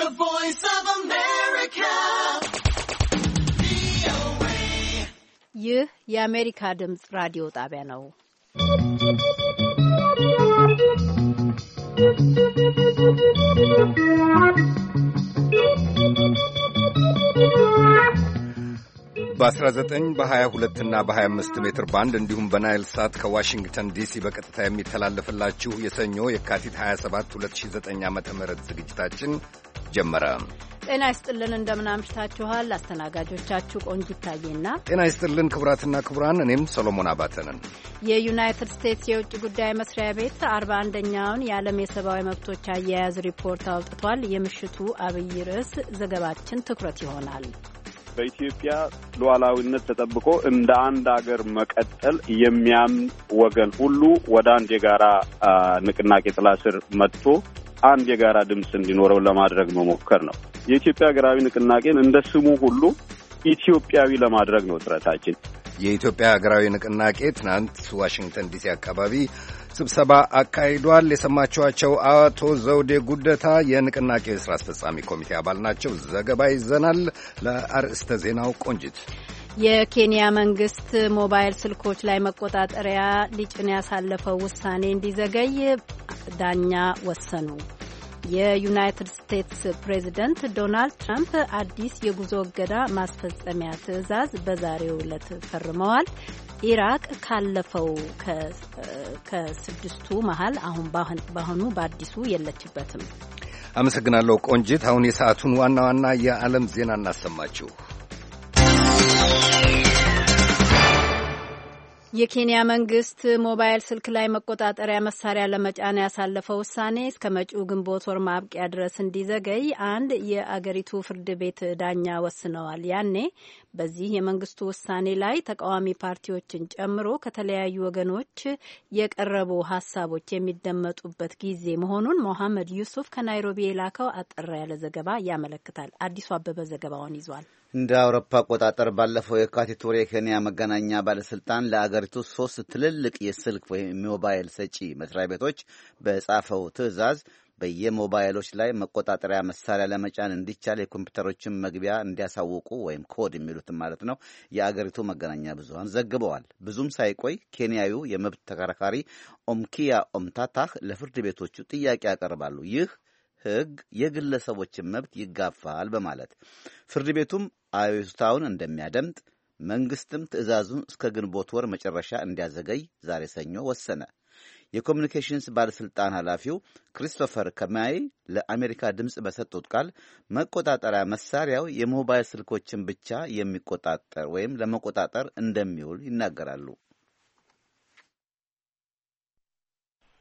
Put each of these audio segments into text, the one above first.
The Voice of America. ይህ የአሜሪካ ድምፅ ራዲዮ ጣቢያ ነው። በ19 በ22 እና በ25 ሜትር ባንድ እንዲሁም በናይል ሳት ከዋሽንግተን ዲሲ በቀጥታ የሚተላለፍላችሁ የሰኞ የካቲት 27 2009 ዓ ም ዝግጅታችን ጀመረ። ጤና ይስጥልን እንደምናምሽታችኋል። አስተናጋጆቻችሁ ቆንጅ ይታየና ጤና ይስጥልን ክቡራትና ክቡራን፣ እኔም ሰሎሞን አባተንን። የዩናይትድ ስቴትስ የውጭ ጉዳይ መስሪያ ቤት አርባ አንደኛውን የዓለም የሰብአዊ መብቶች አያያዝ ሪፖርት አውጥቷል። የምሽቱ አብይ ርዕስ ዘገባችን ትኩረት ይሆናል። በኢትዮጵያ ሉዓላዊነት ተጠብቆ እንደ አንድ ሀገር መቀጠል የሚያምን ወገን ሁሉ ወደ አንድ የጋራ ንቅናቄ ጥላ ስር መጥቶ አንድ የጋራ ድምፅ እንዲኖረው ለማድረግ መሞከር ነው። የኢትዮጵያ ሀገራዊ ንቅናቄን እንደ ስሙ ሁሉ ኢትዮጵያዊ ለማድረግ ነው ጥረታችን። የኢትዮጵያ ሀገራዊ ንቅናቄ ትናንት ዋሽንግተን ዲሲ አካባቢ ስብሰባ አካሂዷል። የሰማችኋቸው አቶ ዘውዴ ጉደታ የንቅናቄው የሥራ አስፈጻሚ ኮሚቴ አባል ናቸው። ዘገባ ይዘናል። ለአርዕስተ ዜናው ቆንጅት የኬንያ መንግስት ሞባይል ስልኮች ላይ መቆጣጠሪያ ሊጭን ያሳለፈው ውሳኔ እንዲዘገይ ዳኛ ወሰኑ። የዩናይትድ ስቴትስ ፕሬዚደንት ዶናልድ ትራምፕ አዲስ የጉዞ እገዳ ማስፈጸሚያ ትዕዛዝ በዛሬው ዕለት ፈርመዋል። ኢራቅ ካለፈው ከስድስቱ መሀል አሁን በአሁኑ በአዲሱ የለችበትም። አመሰግናለሁ ቆንጂት። አሁን የሰዓቱን ዋና ዋና የዓለም ዜና እናሰማችሁ። የኬንያ መንግስት ሞባይል ስልክ ላይ መቆጣጠሪያ መሳሪያ ለመጫን ያሳለፈው ውሳኔ እስከ መጪው ግንቦት ወር ማብቂያ ድረስ እንዲዘገይ አንድ የአገሪቱ ፍርድ ቤት ዳኛ ወስነዋል። ያኔ በዚህ የመንግስቱ ውሳኔ ላይ ተቃዋሚ ፓርቲዎችን ጨምሮ ከተለያዩ ወገኖች የቀረቡ ሀሳቦች የሚደመጡበት ጊዜ መሆኑን ሞሐመድ ዩሱፍ ከናይሮቢ የላከው አጠር ያለ ዘገባ ያመለክታል። አዲሱ አበበ ዘገባውን ይዟል። እንደ አውሮፓ አቆጣጠር ባለፈው የካቲት ወር የኬንያ መገናኛ ባለስልጣን ለአገሪቱ ሶስት ትልልቅ የስልክ ወይም ሞባይል ሰጪ መስሪያ ቤቶች በጻፈው ትዕዛዝ በየሞባይሎች ላይ መቆጣጠሪያ መሳሪያ ለመጫን እንዲቻል የኮምፒውተሮችን መግቢያ እንዲያሳውቁ ወይም ኮድ የሚሉትን ማለት ነው የአገሪቱ መገናኛ ብዙሀን ዘግበዋል። ብዙም ሳይቆይ ኬንያዊው የመብት ተከራካሪ ኦምኪያ ኦምታታህ ለፍርድ ቤቶቹ ጥያቄ ያቀርባሉ። ይህ ሕግ የግለሰቦችን መብት ይጋፋል በማለት ፍርድ ቤቱም አቤቱታውን እንደሚያደምጥ መንግስትም ትዕዛዙን እስከ ግንቦት ወር መጨረሻ እንዲያዘገይ ዛሬ ሰኞ ወሰነ። የኮሚኒኬሽንስ ባለሥልጣን ኃላፊው ክሪስቶፈር ከማይ ለአሜሪካ ድምፅ በሰጡት ቃል መቆጣጠሪያ መሳሪያው የሞባይል ስልኮችን ብቻ የሚቆጣጠር ወይም ለመቆጣጠር እንደሚውል ይናገራሉ።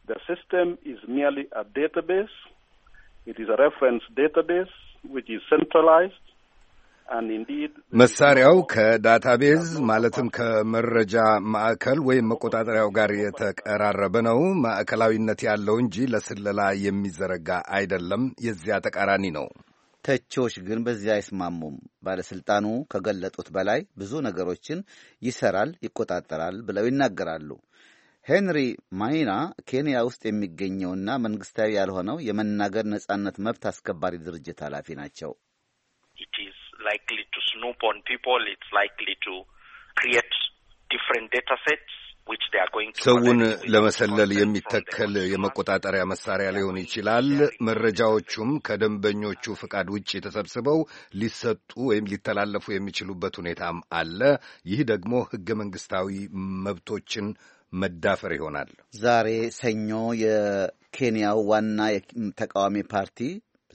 The system is merely a database መሳሪያው ከዳታቤዝ ማለትም ከመረጃ ማዕከል ወይም መቆጣጠሪያው ጋር የተቀራረበ ነው። ማዕከላዊነት ያለው እንጂ ለስለላ የሚዘረጋ አይደለም። የዚያ ተቃራኒ ነው። ተቺዎች ግን በዚህ አይስማሙም። ባለሥልጣኑ ከገለጡት በላይ ብዙ ነገሮችን ይሰራል፣ ይቆጣጠራል ብለው ይናገራሉ። ሄንሪ ማይና ኬንያ ውስጥ የሚገኘውና መንግስታዊ ያልሆነው የመናገር ነጻነት መብት አስከባሪ ድርጅት ኃላፊ ናቸው። ሰውን ለመሰለል የሚተከል የመቆጣጠሪያ መሳሪያ ሊሆን ይችላል። መረጃዎቹም ከደንበኞቹ ፍቃድ ውጭ ተሰብስበው ሊሰጡ ወይም ሊተላለፉ የሚችሉበት ሁኔታም አለ። ይህ ደግሞ ህገ መንግስታዊ መብቶችን መዳፈር ይሆናል። ዛሬ ሰኞ የኬንያው ዋና ተቃዋሚ ፓርቲ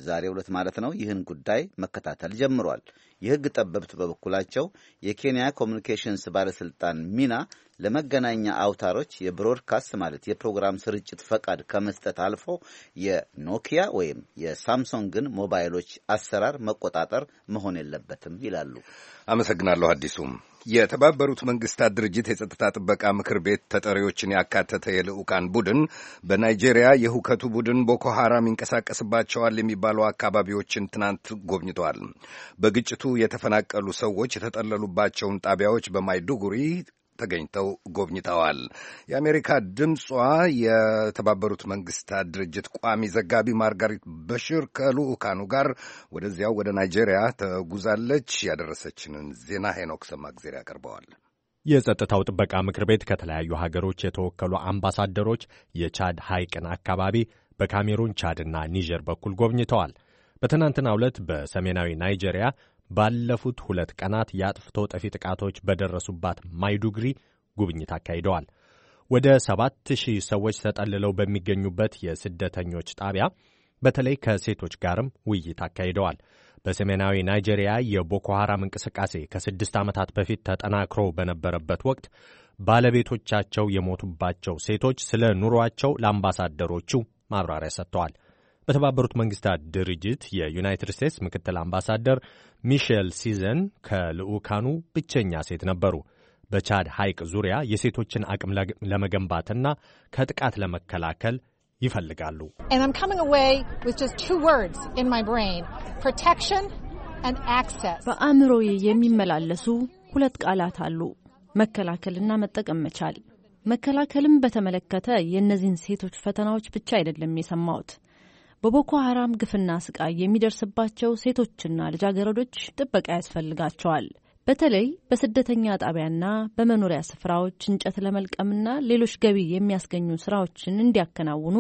ዛሬ ሁለት ማለት ነው ይህን ጉዳይ መከታተል ጀምሯል። የህግ ጠበብት በበኩላቸው የኬንያ ኮሚኒኬሽንስ ባለስልጣን ሚና ለመገናኛ አውታሮች የብሮድካስት ማለት የፕሮግራም ስርጭት ፈቃድ ከመስጠት አልፎ የኖኪያ ወይም የሳምሶንግን ሞባይሎች አሰራር መቆጣጠር መሆን የለበትም ይላሉ። አመሰግናለሁ አዲሱም የተባበሩት መንግስታት ድርጅት የጸጥታ ጥበቃ ምክር ቤት ተጠሪዎችን ያካተተ የልዑካን ቡድን በናይጄሪያ የሁከቱ ቡድን ቦኮ ሐራም ይንቀሳቀስባቸዋል የሚባሉ አካባቢዎችን ትናንት ጎብኝተዋል። በግጭቱ የተፈናቀሉ ሰዎች የተጠለሉባቸውን ጣቢያዎች በማይዱጉሪ ተገኝተው ጎብኝተዋል። የአሜሪካ ድምጿ የተባበሩት መንግስታት ድርጅት ቋሚ ዘጋቢ ማርጋሪት በሽር ከልኡካኑ ጋር ወደዚያው ወደ ናይጄሪያ ተጉዛለች። ያደረሰችንን ዜና ሄኖክ ሰማግዜር ያቀርበዋል። የጸጥታው ጥበቃ ምክር ቤት ከተለያዩ ሀገሮች የተወከሉ አምባሳደሮች የቻድ ሐይቅን አካባቢ በካሜሩን ቻድና ኒጀር በኩል ጎብኝተዋል። በትናንትናው ዕለት በሰሜናዊ ናይጄሪያ ባለፉት ሁለት ቀናት የአጥፍቶ ጠፊ ጥቃቶች በደረሱባት ማይዱግሪ ጉብኝት አካሂደዋል። ወደ ሰባት ሺህ ሰዎች ተጠልለው በሚገኙበት የስደተኞች ጣቢያ በተለይ ከሴቶች ጋርም ውይይት አካሂደዋል። በሰሜናዊ ናይጄሪያ የቦኮ ሐራም እንቅስቃሴ ከስድስት ዓመታት በፊት ተጠናክሮ በነበረበት ወቅት ባለቤቶቻቸው የሞቱባቸው ሴቶች ስለ ኑሯቸው ለአምባሳደሮቹ ማብራሪያ ሰጥተዋል። በተባበሩት መንግስታት ድርጅት የዩናይትድ ስቴትስ ምክትል አምባሳደር ሚሼል ሲዘን ከልዑካኑ ብቸኛ ሴት ነበሩ። በቻድ ሐይቅ ዙሪያ የሴቶችን አቅም ለመገንባትና ከጥቃት ለመከላከል ይፈልጋሉ። በአእምሮዬ የሚመላለሱ ሁለት ቃላት አሉ፣ መከላከልና መጠቀም መቻል። መከላከልም በተመለከተ የእነዚህን ሴቶች ፈተናዎች ብቻ አይደለም የሰማሁት በቦኮ ሀራም ግፍና ስቃይ የሚደርስባቸው ሴቶችና ልጃገረዶች ጥበቃ ያስፈልጋቸዋል። በተለይ በስደተኛ ጣቢያና በመኖሪያ ስፍራዎች እንጨት ለመልቀምና ሌሎች ገቢ የሚያስገኙ ስራዎችን እንዲያከናውኑ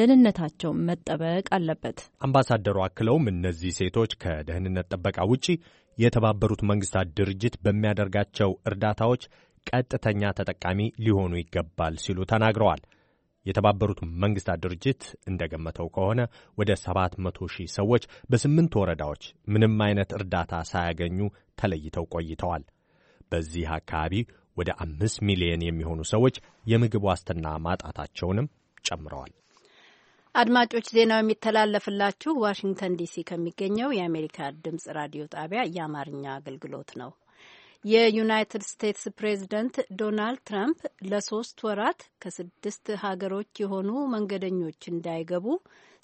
ደህንነታቸው መጠበቅ አለበት። አምባሳደሩ አክለውም እነዚህ ሴቶች ከደህንነት ጥበቃ ውጪ የተባበሩት መንግስታት ድርጅት በሚያደርጋቸው እርዳታዎች ቀጥተኛ ተጠቃሚ ሊሆኑ ይገባል ሲሉ ተናግረዋል። የተባበሩት መንግስታት ድርጅት እንደገመተው ከሆነ ወደ 700 ሺህ ሰዎች በስምንት ወረዳዎች ምንም አይነት እርዳታ ሳያገኙ ተለይተው ቆይተዋል። በዚህ አካባቢ ወደ አምስት ሚሊዮን የሚሆኑ ሰዎች የምግብ ዋስትና ማጣታቸውንም ጨምረዋል። አድማጮች ዜናው የሚተላለፍላችሁ ዋሽንግተን ዲሲ ከሚገኘው የአሜሪካ ድምጽ ራዲዮ ጣቢያ የአማርኛ አገልግሎት ነው። የዩናይትድ ስቴትስ ፕሬዝደንት ዶናልድ ትራምፕ ለሶስት ወራት ከስድስት ሀገሮች የሆኑ መንገደኞች እንዳይገቡ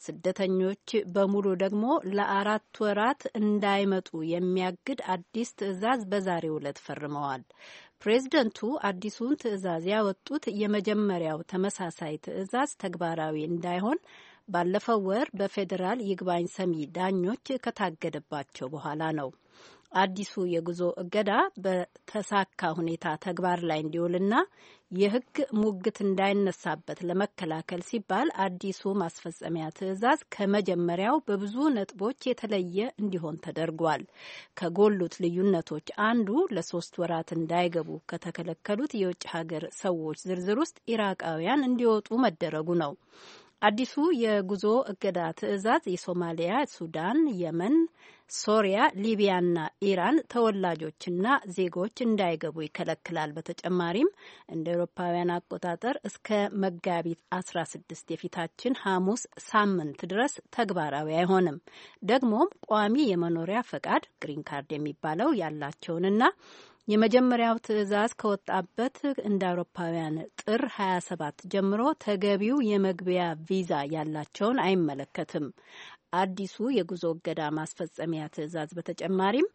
ስደተኞች በሙሉ ደግሞ ለአራት ወራት እንዳይመጡ የሚያግድ አዲስ ትዕዛዝ በዛሬው ዕለት ፈርመዋል። ፕሬዝደንቱ አዲሱን ትዕዛዝ ያወጡት የመጀመሪያው ተመሳሳይ ትዕዛዝ ተግባራዊ እንዳይሆን ባለፈው ወር በፌዴራል ይግባኝ ሰሚ ዳኞች ከታገደባቸው በኋላ ነው። አዲሱ የጉዞ እገዳ በተሳካ ሁኔታ ተግባር ላይ እንዲውልና የሕግ ሙግት እንዳይነሳበት ለመከላከል ሲባል አዲሱ ማስፈጸሚያ ትዕዛዝ ከመጀመሪያው በብዙ ነጥቦች የተለየ እንዲሆን ተደርጓል። ከጎሉት ልዩነቶች አንዱ ለሶስት ወራት እንዳይገቡ ከተከለከሉት የውጭ ሀገር ሰዎች ዝርዝር ውስጥ ኢራቃውያን እንዲወጡ መደረጉ ነው። አዲሱ የጉዞ እገዳ ትዕዛዝ የሶማሊያ፣ ሱዳን፣ የመን፣ ሶሪያ፣ ሊቢያና ኢራን ተወላጆችና ዜጎች እንዳይገቡ ይከለክላል። በተጨማሪም እንደ ኤሮፓውያን አቆጣጠር እስከ መጋቢት 16 የፊታችን ሐሙስ ሳምንት ድረስ ተግባራዊ አይሆንም። ደግሞም ቋሚ የመኖሪያ ፈቃድ ግሪን ካርድ የሚባለው ያላቸውንና የመጀመሪያው ትዕዛዝ ከወጣበት እንደ አውሮፓውያን ጥር 27 ጀምሮ ተገቢው የመግቢያ ቪዛ ያላቸውን አይመለከትም። አዲሱ የጉዞ እገዳ ማስፈጸሚያ ትዕዛዝ በተጨማሪም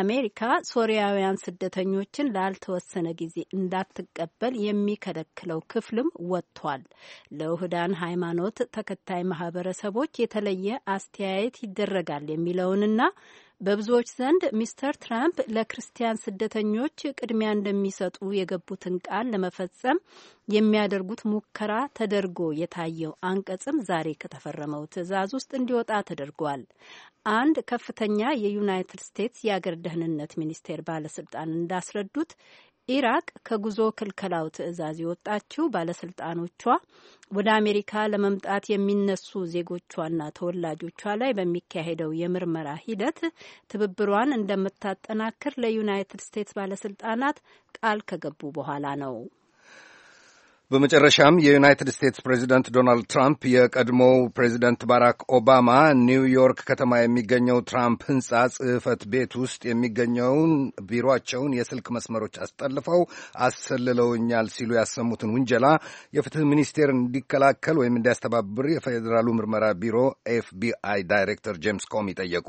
አሜሪካ ሶሪያውያን ስደተኞችን ላልተወሰነ ጊዜ እንዳትቀበል የሚከለክለው ክፍልም ወጥቷል። ለውህዳን ሃይማኖት ተከታይ ማህበረሰቦች የተለየ አስተያየት ይደረጋል የሚለውንና በብዙዎች ዘንድ ሚስተር ትራምፕ ለክርስቲያን ስደተኞች ቅድሚያ እንደሚሰጡ የገቡትን ቃል ለመፈጸም የሚያደርጉት ሙከራ ተደርጎ የታየው አንቀጽም ዛሬ ከተፈረመው ትዕዛዝ ውስጥ እንዲወጣ ተደርጓል። አንድ ከፍተኛ የዩናይትድ ስቴትስ የአገር ደህንነት ሚኒስቴር ባለስልጣን እንዳስረዱት ኢራቅ ከጉዞ ክልከላው ትዕዛዝ የወጣችው ባለስልጣኖቿ ወደ አሜሪካ ለመምጣት የሚነሱ ዜጎቿና ተወላጆቿ ላይ በሚካሄደው የምርመራ ሂደት ትብብሯን እንደምታጠናክር ለዩናይትድ ስቴትስ ባለስልጣናት ቃል ከገቡ በኋላ ነው። በመጨረሻም የዩናይትድ ስቴትስ ፕሬዚደንት ዶናልድ ትራምፕ የቀድሞው ፕሬዚደንት ባራክ ኦባማ ኒውዮርክ ከተማ የሚገኘው ትራምፕ ሕንፃ ጽሕፈት ቤት ውስጥ የሚገኘውን ቢሮቸውን የስልክ መስመሮች አስጠልፈው አሰልለውኛል ሲሉ ያሰሙትን ውንጀላ የፍትህ ሚኒስቴር እንዲከላከል ወይም እንዲያስተባብር የፌዴራሉ ምርመራ ቢሮ ኤፍቢአይ ዳይሬክተር ጄምስ ኮሚ ጠየቁ።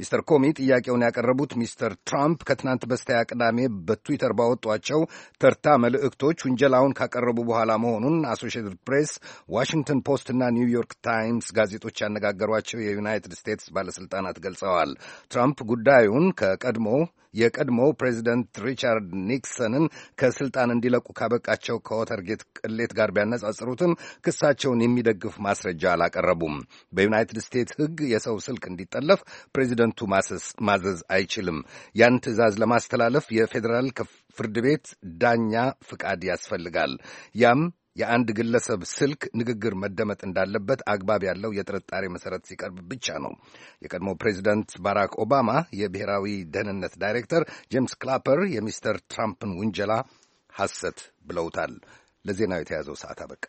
ሚስተር ኮሚ ጥያቄውን ያቀረቡት ሚስተር ትራምፕ ከትናንት በስቲያ ቅዳሜ በትዊተር ባወጧቸው ተርታ መልእክቶች ውንጀላውን ካቀረቡ በኋላ መሆኑን አሶሽትድ ፕሬስ፣ ዋሽንግተን ፖስት እና ኒውዮርክ ታይምስ ጋዜጦች ያነጋገሯቸው የዩናይትድ ስቴትስ ባለሥልጣናት ገልጸዋል። ትራምፕ ጉዳዩን ከቀድሞ የቀድሞው ፕሬዚደንት ሪቻርድ ኒክሰንን ከስልጣን እንዲለቁ ካበቃቸው ከወተርጌት ቅሌት ጋር ቢያነጻጽሩትም ክሳቸውን የሚደግፍ ማስረጃ አላቀረቡም። በዩናይትድ ስቴትስ ሕግ የሰው ስልክ እንዲጠለፍ ፕሬዚደንቱ ማዘዝ አይችልም። ያን ትዕዛዝ ለማስተላለፍ የፌዴራል ፍርድ ቤት ዳኛ ፍቃድ ያስፈልጋል። ያም የአንድ ግለሰብ ስልክ ንግግር መደመጥ እንዳለበት አግባብ ያለው የጥርጣሬ መሰረት ሲቀርብ ብቻ ነው። የቀድሞ ፕሬዚደንት ባራክ ኦባማ የብሔራዊ ደህንነት ዳይሬክተር ጄምስ ክላፐር የሚስተር ትራምፕን ውንጀላ ሐሰት ብለውታል። ለዜናው የተያዘው ሰዓት አበቃ።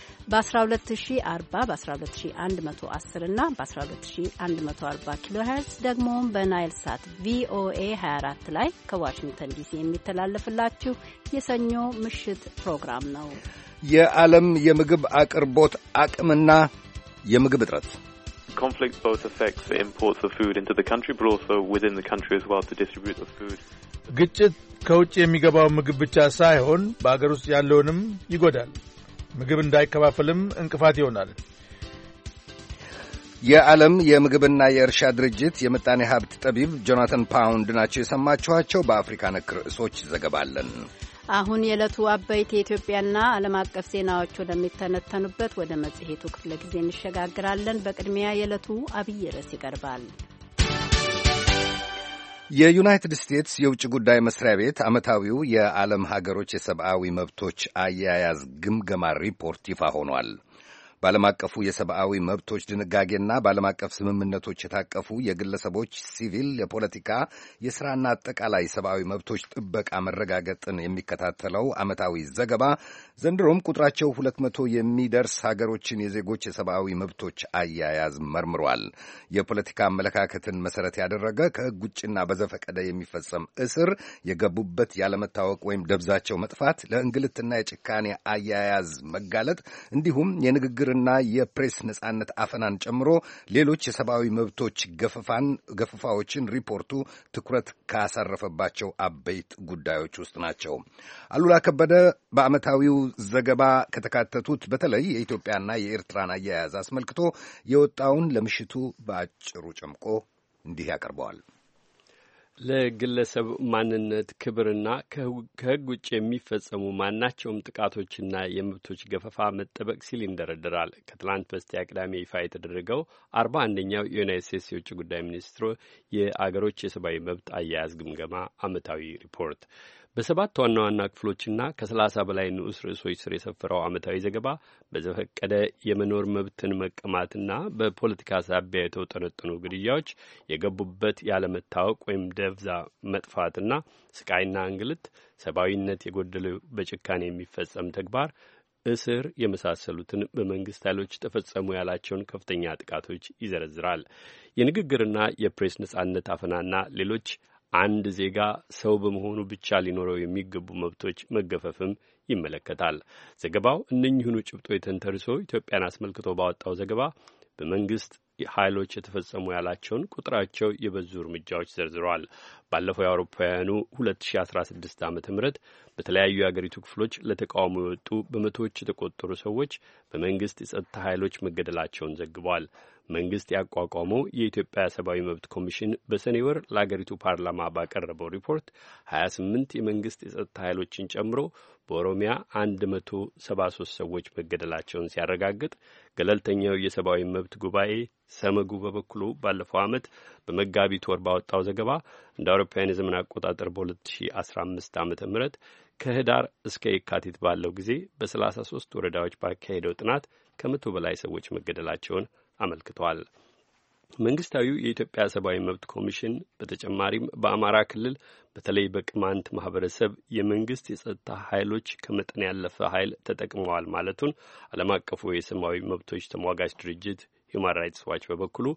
በ12040 በ12110 እና በ12140 ኪሎ ሄርዝ ደግሞም በናይል ሳት ቪኦኤ 24 ላይ ከዋሽንግተን ዲሲ የሚተላለፍላችሁ የሰኞ ምሽት ፕሮግራም ነው። የዓለም የምግብ አቅርቦት አቅምና የምግብ እጥረት ግጭት ከውጭ የሚገባው ምግብ ብቻ ሳይሆን በአገር ውስጥ ያለውንም ይጎዳል። ምግብ እንዳይከፋፈልም እንቅፋት ይሆናል። የዓለም የምግብና የእርሻ ድርጅት የምጣኔ ሀብት ጠቢብ ጆናተን ፓውንድ ናቸው የሰማችኋቸው። በአፍሪካ ነክ ርዕሶች ዘገባለን። አሁን የዕለቱ አበይት የኢትዮጵያና ዓለም አቀፍ ዜናዎች ወደሚተነተኑበት ወደ መጽሔቱ ክፍለ ጊዜ እንሸጋግራለን። በቅድሚያ የዕለቱ አብይ ርዕስ ይቀርባል። የዩናይትድ ስቴትስ የውጭ ጉዳይ መስሪያ ቤት ዓመታዊው የዓለም ሀገሮች የሰብአዊ መብቶች አያያዝ ግምገማ ሪፖርት ይፋ ሆኗል። በዓለም አቀፉ የሰብአዊ መብቶች ድንጋጌና በዓለም አቀፍ ስምምነቶች የታቀፉ የግለሰቦች ሲቪል፣ የፖለቲካ፣ የሥራና አጠቃላይ ሰብአዊ መብቶች ጥበቃ መረጋገጥን የሚከታተለው ዓመታዊ ዘገባ ዘንድሮም ቁጥራቸው ሁለት መቶ የሚደርስ ሀገሮችን የዜጎች የሰብአዊ መብቶች አያያዝ መርምሯል። የፖለቲካ አመለካከትን መሰረት ያደረገ ከህግ ውጭና በዘፈቀደ የሚፈጸም እስር፣ የገቡበት ያለመታወቅ ወይም ደብዛቸው መጥፋት፣ ለእንግልትና የጭካኔ አያያዝ መጋለጥ እንዲሁም የንግግርና የፕሬስ ነጻነት አፈናን ጨምሮ ሌሎች የሰብአዊ መብቶች ገፍፋን ገፈፋዎችን ሪፖርቱ ትኩረት ካሳረፈባቸው አበይት ጉዳዮች ውስጥ ናቸው። አሉላ ከበደ በአመታዊው ዘገባ ከተካተቱት በተለይ የኢትዮጵያና የኤርትራን አያያዝ አስመልክቶ የወጣውን ለምሽቱ በአጭሩ ጨምቆ እንዲህ ያቀርበዋል። ለግለሰብ ማንነት ክብርና ከሕግ ውጭ የሚፈጸሙ ማናቸውም ጥቃቶችና የመብቶች ገፈፋ መጠበቅ ሲል ይንደረደራል። ከትላንት በስቲያ ቅዳሜ ይፋ የተደረገው አርባ አንደኛው የዩናይት ስቴትስ የውጭ ጉዳይ ሚኒስትሮ የአገሮች የሰብአዊ መብት አያያዝ ግምገማ ዓመታዊ ሪፖርት በሰባት ዋና ዋና ክፍሎችና ከሰላሳ በላይ ንዑስ ርዕሶች ስር የሰፈረው ዓመታዊ ዘገባ በዘፈቀደ የመኖር መብትን መቀማትና በፖለቲካ ሳቢያ የተውጠነጠኑ ግድያዎች የገቡበት ያለመታወቅ ወይም ደብዛ መጥፋትና ስቃይና እንግልት፣ ሰብአዊነት የጎደለው በጭካኔ የሚፈጸም ተግባር እስር የመሳሰሉትን በመንግስት ኃይሎች ተፈጸሙ ያላቸውን ከፍተኛ ጥቃቶች ይዘረዝራል። የንግግርና የፕሬስ ነጻነት አፈናና ሌሎች አንድ ዜጋ ሰው በመሆኑ ብቻ ሊኖረው የሚገቡ መብቶች መገፈፍም ይመለከታል። ዘገባው እነኚህኑ ጭብጦች ተንተርሶ ኢትዮጵያን አስመልክቶ ባወጣው ዘገባ በመንግስት ኃይሎች የተፈጸሙ ያላቸውን ቁጥራቸው የበዙ እርምጃዎች ዘርዝረዋል። ባለፈው የአውሮፓውያኑ 2016 ዓ ም በተለያዩ የአገሪቱ ክፍሎች ለተቃውሞ የወጡ በመቶዎች የተቆጠሩ ሰዎች በመንግስት የጸጥታ ኃይሎች መገደላቸውን ዘግቧል። መንግስት ያቋቋመው የኢትዮጵያ ሰብአዊ መብት ኮሚሽን በሰኔ ወር ለአገሪቱ ፓርላማ ባቀረበው ሪፖርት 28 የመንግስት የጸጥታ ኃይሎችን ጨምሮ በኦሮሚያ 173 ሰዎች መገደላቸውን ሲያረጋግጥ፣ ገለልተኛው የሰብአዊ መብት ጉባኤ ሰመጉ በበኩሉ ባለፈው ዓመት በመጋቢት ወር ባወጣው ዘገባ እንደ አውሮፓውያን የዘመን አቆጣጠር በ2015 ዓ ም ከህዳር እስከ የካቲት ባለው ጊዜ በ33 ወረዳዎች ባካሄደው ጥናት ከመቶ በላይ ሰዎች መገደላቸውን አመልክቷል። መንግስታዊው የኢትዮጵያ ሰብአዊ መብት ኮሚሽን በተጨማሪም በአማራ ክልል በተለይ በቅማንት ማህበረሰብ የመንግስት የጸጥታ ኃይሎች ከመጠን ያለፈ ኃይል ተጠቅመዋል ማለቱን ዓለም አቀፉ የሰብአዊ መብቶች ተሟጋች ድርጅት ሂውማን ራይትስ ዋች በበኩሉ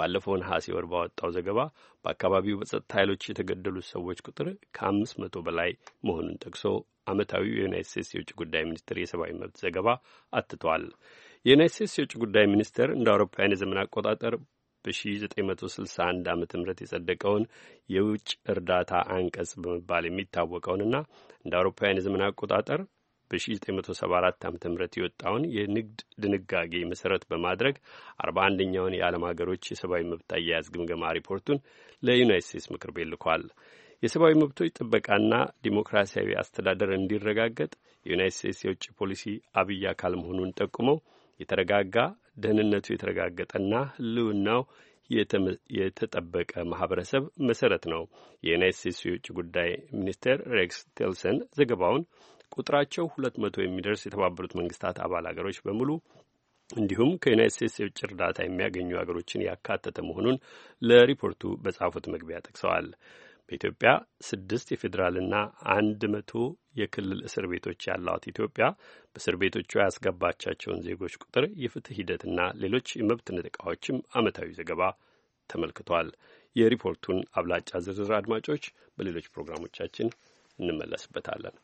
ባለፈው ነሐሴ ወር ባወጣው ዘገባ በአካባቢው በጸጥታ ኃይሎች የተገደሉት ሰዎች ቁጥር ከአምስት መቶ በላይ መሆኑን ጠቅሶ ዓመታዊው የዩናይት ስቴትስ የውጭ ጉዳይ ሚኒስቴር የሰብአዊ መብት ዘገባ አትቷል። የዩናይት ስቴትስ የውጭ ጉዳይ ሚኒስቴር እንደ አውሮፓውያን የዘመን አቆጣጠር በ1961 ዓ ም የጸደቀውን የውጭ እርዳታ አንቀጽ በመባል የሚታወቀውንና እንደ አውሮፓውያን የዘመን አቆጣጠር በ1974 ዓ ም የወጣውን የንግድ ድንጋጌ መሠረት በማድረግ 41ኛውን የዓለም ሀገሮች የሰብአዊ መብት አያያዝ ግምገማ ሪፖርቱን ለዩናይት ስቴትስ ምክር ቤት ልኳል። የሰብአዊ መብቶች ጥበቃና ዲሞክራሲያዊ አስተዳደር እንዲረጋገጥ የዩናይት ስቴትስ የውጭ ፖሊሲ አብይ አካል መሆኑን ጠቁመው የተረጋጋ ደህንነቱ የተረጋገጠና ህልውናው የተጠበቀ ማህበረሰብ መሰረት ነው። የዩናይት ስቴትስ የውጭ ጉዳይ ሚኒስቴር ሬክስ ቴልሰን ዘገባውን ቁጥራቸው ሁለት መቶ የሚደርስ የተባበሩት መንግስታት አባል አገሮች በሙሉ እንዲሁም ከዩናይት ስቴትስ የውጭ እርዳታ የሚያገኙ ሀገሮችን ያካተተ መሆኑን ለሪፖርቱ በጻፉት መግቢያ ጠቅሰዋል። በኢትዮጵያ ስድስት የፌዴራልና አንድ መቶ የክልል እስር ቤቶች ያላት ኢትዮጵያ በእስር ቤቶቿ ያስገባቻቸውን ዜጎች ቁጥር፣ የፍትህ ሂደትና ሌሎች የመብት ንጥቃዎችም ዓመታዊ ዘገባ ተመልክቷል። የሪፖርቱን አብላጫ ዝርዝር አድማጮች፣ በሌሎች ፕሮግራሞቻችን እንመለስበታለን።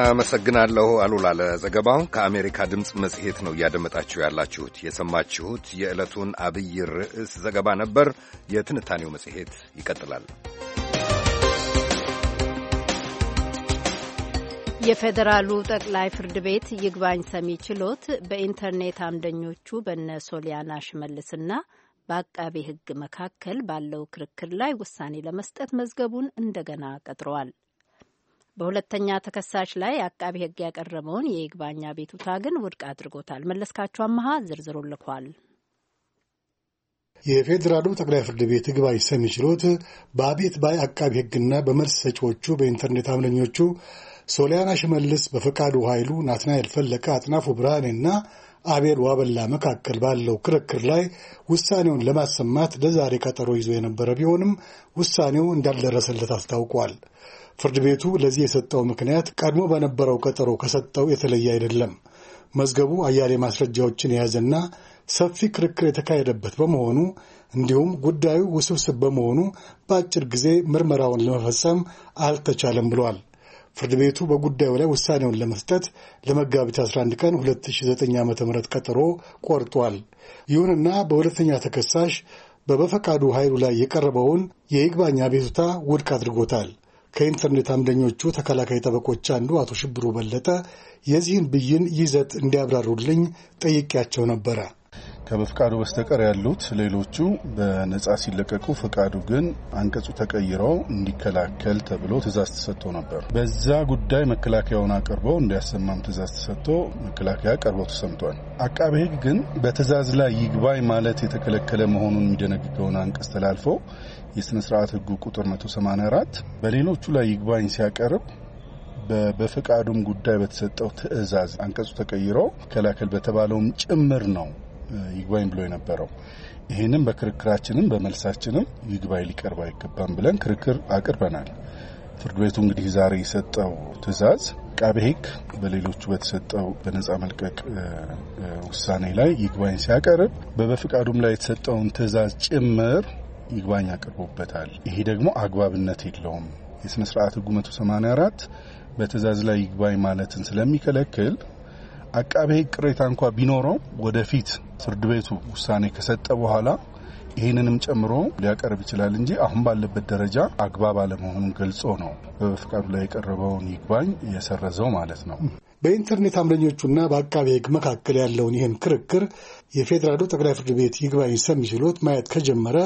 አመሰግናለሁ አሉላ ለዘገባው። ከአሜሪካ ድምፅ መጽሔት ነው እያደመጣችሁ ያላችሁት። የሰማችሁት የዕለቱን አብይ ርዕስ ዘገባ ነበር። የትንታኔው መጽሔት ይቀጥላል። የፌዴራሉ ጠቅላይ ፍርድ ቤት ይግባኝ ሰሚ ችሎት በኢንተርኔት አምደኞቹ በነ ሶሊያና ሽመልስና በአቃቤ ሕግ መካከል ባለው ክርክር ላይ ውሳኔ ለመስጠት መዝገቡን እንደገና ቀጥረዋል። በሁለተኛ ተከሳሽ ላይ አቃቢ ሕግ ያቀረበውን የይግባኝ አቤቱታ ግን ውድቅ አድርጎታል። መለስካቸው አመሀ ዝርዝሩ ልኳል። የፌዴራሉ ጠቅላይ ፍርድ ቤት ይግባኝ ሰሚ ችሎት በአቤት ባይ አቃቢ ሕግና በመልስ ሰጪዎቹ በኢንተርኔት አምለኞቹ ሶሊያና ሽመልስ፣ በፈቃዱ ኃይሉ፣ ናትናኤል ፈለቀ፣ አጥናፉ ብርሃኔና አቤል ዋበላ መካከል ባለው ክርክር ላይ ውሳኔውን ለማሰማት ለዛሬ ቀጠሮ ይዞ የነበረ ቢሆንም ውሳኔው እንዳልደረሰለት አስታውቋል። ፍርድ ቤቱ ለዚህ የሰጠው ምክንያት ቀድሞ በነበረው ቀጠሮ ከሰጠው የተለየ አይደለም። መዝገቡ አያሌ ማስረጃዎችን የያዘና ሰፊ ክርክር የተካሄደበት በመሆኑ እንዲሁም ጉዳዩ ውስብስብ በመሆኑ በአጭር ጊዜ ምርመራውን ለመፈጸም አልተቻለም ብሏል። ፍርድ ቤቱ በጉዳዩ ላይ ውሳኔውን ለመስጠት ለመጋቢት 11 ቀን 2009 ዓ ም ቀጠሮ ቆርጧል። ይሁንና በሁለተኛ ተከሳሽ በበፈቃዱ ኃይሉ ላይ የቀረበውን የይግባኝ አቤቱታ ውድቅ አድርጎታል። ከኢንተርኔት አምደኞቹ ተከላካይ ጠበቆች አንዱ አቶ ሽብሩ በለጠ የዚህን ብይን ይዘት እንዲያብራሩልኝ ጠይቄያቸው ነበረ። ከበፍቃዱ በስተቀር ያሉት ሌሎቹ በነጻ ሲለቀቁ ፍቃዱ ግን አንቀጹ ተቀይሮ እንዲከላከል ተብሎ ትእዛዝ ተሰጥቶ ነበር። በዛ ጉዳይ መከላከያውን አቅርበው እንዲያሰማም ትእዛዝ ተሰጥቶ መከላከያ ቀርበው ተሰምቷል። አቃቤ ሕግ ግን በትእዛዝ ላይ ይግባኝ ማለት የተከለከለ መሆኑን የሚደነግገውን አንቀጽ ተላልፎ የስነ ስርዓት ህጉ ቁጥር 184 በሌሎቹ ላይ ይግባኝ ሲያቀርብ በፈቃዱም ጉዳይ በተሰጠው ትዕዛዝ አንቀጹ ተቀይሮ ከላከል በተባለውም ጭምር ነው ይግባኝ ብሎ የነበረው። ይህንም በክርክራችንም በመልሳችንም ይግባኝ ሊቀርብ አይገባም ብለን ክርክር አቅርበናል። ፍርድ ቤቱ እንግዲህ ዛሬ የሰጠው ትዕዛዝ አቃቤ ህግ በሌሎቹ በተሰጠው በነጻ መልቀቅ ውሳኔ ላይ ይግባኝ ሲያቀርብ በበፍቃዱም ላይ የተሰጠውን ትዕዛዝ ጭምር ይግባኝ አቅርቦበታል። ይሄ ደግሞ አግባብነት የለውም። የስነ ስርዓት ህጉ 184 በትእዛዝ ላይ ይግባኝ ማለትን ስለሚከለክል አቃቤ ህግ ቅሬታ እንኳ ቢኖረው ወደፊት ፍርድ ቤቱ ውሳኔ ከሰጠ በኋላ ይህንንም ጨምሮ ሊያቀርብ ይችላል እንጂ አሁን ባለበት ደረጃ አግባብ አለመሆኑን ገልጾ ነው በበፍቃዱ ላይ የቀረበውን ይግባኝ የሰረዘው ማለት ነው። በኢንተርኔት አምረኞቹና በአቃቤ ህግ መካከል ያለውን ይህን ክርክር የፌዴራሉ ጠቅላይ ፍርድ ቤት ይግባኝ ሰሚ ችሎት ማየት ከጀመረ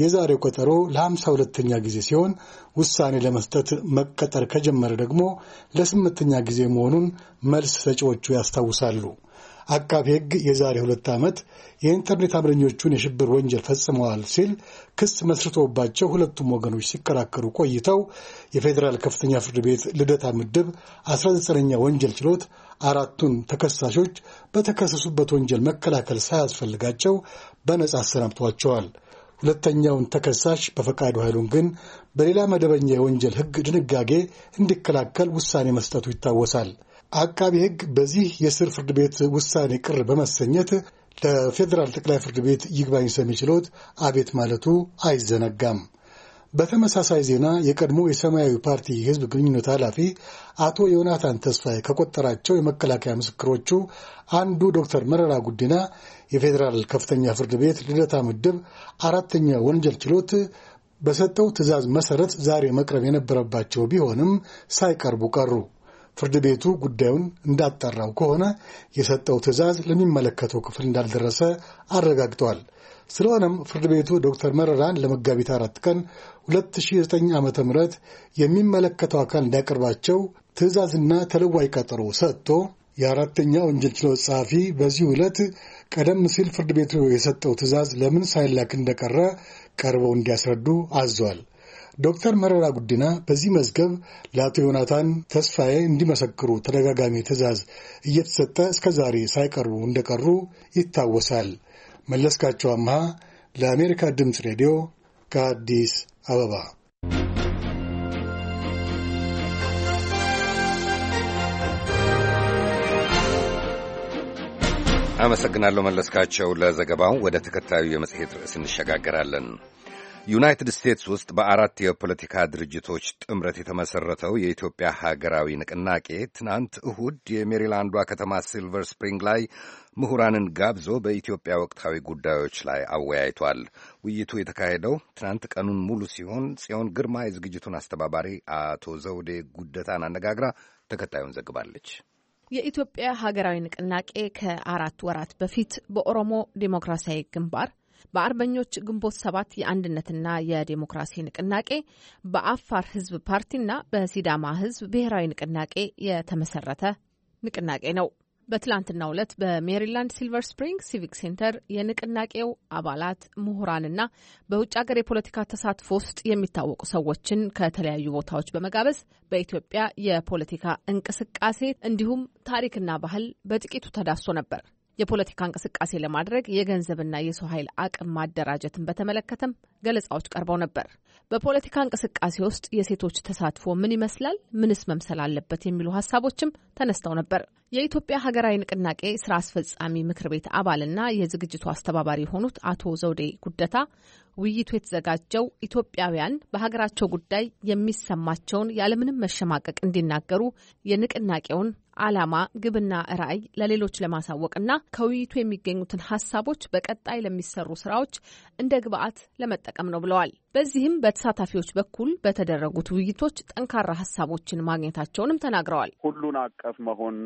የዛሬው ቀጠሮ ለሃምሳ ሁለተኛ ጊዜ ሲሆን ውሳኔ ለመስጠት መቀጠር ከጀመረ ደግሞ ለስምንተኛ ጊዜ መሆኑን መልስ ሰጪዎቹ ያስታውሳሉ። አቃቤ ሕግ የዛሬ ሁለት ዓመት የኢንተርኔት አምረኞቹን የሽብር ወንጀል ፈጽመዋል ሲል ክስ መስርቶባቸው ሁለቱም ወገኖች ሲከራከሩ ቆይተው የፌዴራል ከፍተኛ ፍርድ ቤት ልደታ ምድብ 19ኛ ወንጀል ችሎት አራቱን ተከሳሾች በተከሰሱበት ወንጀል መከላከል ሳያስፈልጋቸው በነጻ አሰናብቷቸዋል። ሁለተኛውን ተከሳሽ በፈቃዱ ኃይሉን ግን በሌላ መደበኛ የወንጀል ሕግ ድንጋጌ እንዲከላከል ውሳኔ መስጠቱ ይታወሳል። አቃቢ ሕግ በዚህ የስር ፍርድ ቤት ውሳኔ ቅር በመሰኘት ለፌዴራል ጠቅላይ ፍርድ ቤት ይግባኝ ሰሚ ችሎት አቤት ማለቱ አይዘነጋም። በተመሳሳይ ዜና የቀድሞ የሰማያዊ ፓርቲ የህዝብ ግንኙነት ኃላፊ አቶ ዮናታን ተስፋዬ ከቆጠራቸው የመከላከያ ምስክሮቹ አንዱ ዶክተር መረራ ጉዲና የፌዴራል ከፍተኛ ፍርድ ቤት ልደታ ምድብ አራተኛ ወንጀል ችሎት በሰጠው ትዕዛዝ መሰረት ዛሬ መቅረብ የነበረባቸው ቢሆንም ሳይቀርቡ ቀሩ። ፍርድ ቤቱ ጉዳዩን እንዳጠራው ከሆነ የሰጠው ትዕዛዝ ለሚመለከተው ክፍል እንዳልደረሰ አረጋግጧል። ስለሆነም ፍርድ ቤቱ ዶክተር መረራን ለመጋቢት አራት ቀን 2009 ዓ ም የሚመለከተው አካል እንዲያቀርባቸው ትዕዛዝና ተለዋጭ ቀጠሮ ሰጥቶ የአራተኛ ወንጀል ችሎት ጸሐፊ በዚህ ዕለት ቀደም ሲል ፍርድ ቤቱ የሰጠው ትዕዛዝ ለምን ሳይላክ እንደቀረ ቀርበው እንዲያስረዱ አዟል። ዶክተር መረራ ጉዲና በዚህ መዝገብ ለአቶ ዮናታን ተስፋዬ እንዲመሰክሩ ተደጋጋሚ ትዕዛዝ እየተሰጠ እስከ ዛሬ ሳይቀርቡ እንደቀሩ ይታወሳል። መለስካቸው አምሃ ለአሜሪካ ድምፅ ሬዲዮ ከአዲስ አበባ አመሰግናለሁ መለስካቸው ለዘገባው። ወደ ተከታዩ የመጽሔት ርዕስ እንሸጋገራለን። ዩናይትድ ስቴትስ ውስጥ በአራት የፖለቲካ ድርጅቶች ጥምረት የተመሠረተው የኢትዮጵያ ሀገራዊ ንቅናቄ ትናንት እሁድ የሜሪላንዷ ከተማ ሲልቨር ስፕሪንግ ላይ ምሁራንን ጋብዞ በኢትዮጵያ ወቅታዊ ጉዳዮች ላይ አወያይቷል። ውይይቱ የተካሄደው ትናንት ቀኑን ሙሉ ሲሆን ጽዮን ግርማ የዝግጅቱን አስተባባሪ አቶ ዘውዴ ጉደታን አነጋግራ ተከታዩን ዘግባለች። የኢትዮጵያ ሀገራዊ ንቅናቄ ከአራት ወራት በፊት በኦሮሞ ዴሞክራሲያዊ ግንባር በአርበኞች ግንቦት ሰባት የአንድነትና የዴሞክራሲ ንቅናቄ በአፋር ህዝብ ፓርቲና በሲዳማ ህዝብ ብሔራዊ ንቅናቄ የተመሰረተ ንቅናቄ ነው። በትላንትናው ዕለት በሜሪላንድ ሲልቨር ስፕሪንግ ሲቪክ ሴንተር የንቅናቄው አባላት ምሁራንና በውጭ ሀገር የፖለቲካ ተሳትፎ ውስጥ የሚታወቁ ሰዎችን ከተለያዩ ቦታዎች በመጋበዝ በኢትዮጵያ የፖለቲካ እንቅስቃሴ እንዲሁም ታሪክና ባህል በጥቂቱ ተዳሶ ነበር። የፖለቲካ እንቅስቃሴ ለማድረግ የገንዘብና የሰው ኃይል አቅም ማደራጀትን በተመለከተም ገለጻዎች ቀርበው ነበር። በፖለቲካ እንቅስቃሴ ውስጥ የሴቶች ተሳትፎ ምን ይመስላል? ምንስ መምሰል አለበት? የሚሉ ሀሳቦችም ተነስተው ነበር። የኢትዮጵያ ሀገራዊ ንቅናቄ ስራ አስፈጻሚ ምክር ቤት አባልና የዝግጅቱ አስተባባሪ የሆኑት አቶ ዘውዴ ጉደታ ውይይቱ የተዘጋጀው ኢትዮጵያውያን በሀገራቸው ጉዳይ የሚሰማቸውን ያለምንም መሸማቀቅ እንዲናገሩ የንቅናቄውን ዓላማ፣ ግብና ራዕይ ለሌሎች ለማሳወቅና ከውይይቱ የሚገኙትን ሀሳቦች በቀጣይ ለሚሰሩ ስራዎች እንደ ግብአት ለመጠቀም ነው ብለዋል። በዚህም በተሳታፊዎች በኩል በተደረጉት ውይይቶች ጠንካራ ሀሳቦችን ማግኘታቸውንም ተናግረዋል። ሁሉን አቀፍ መሆን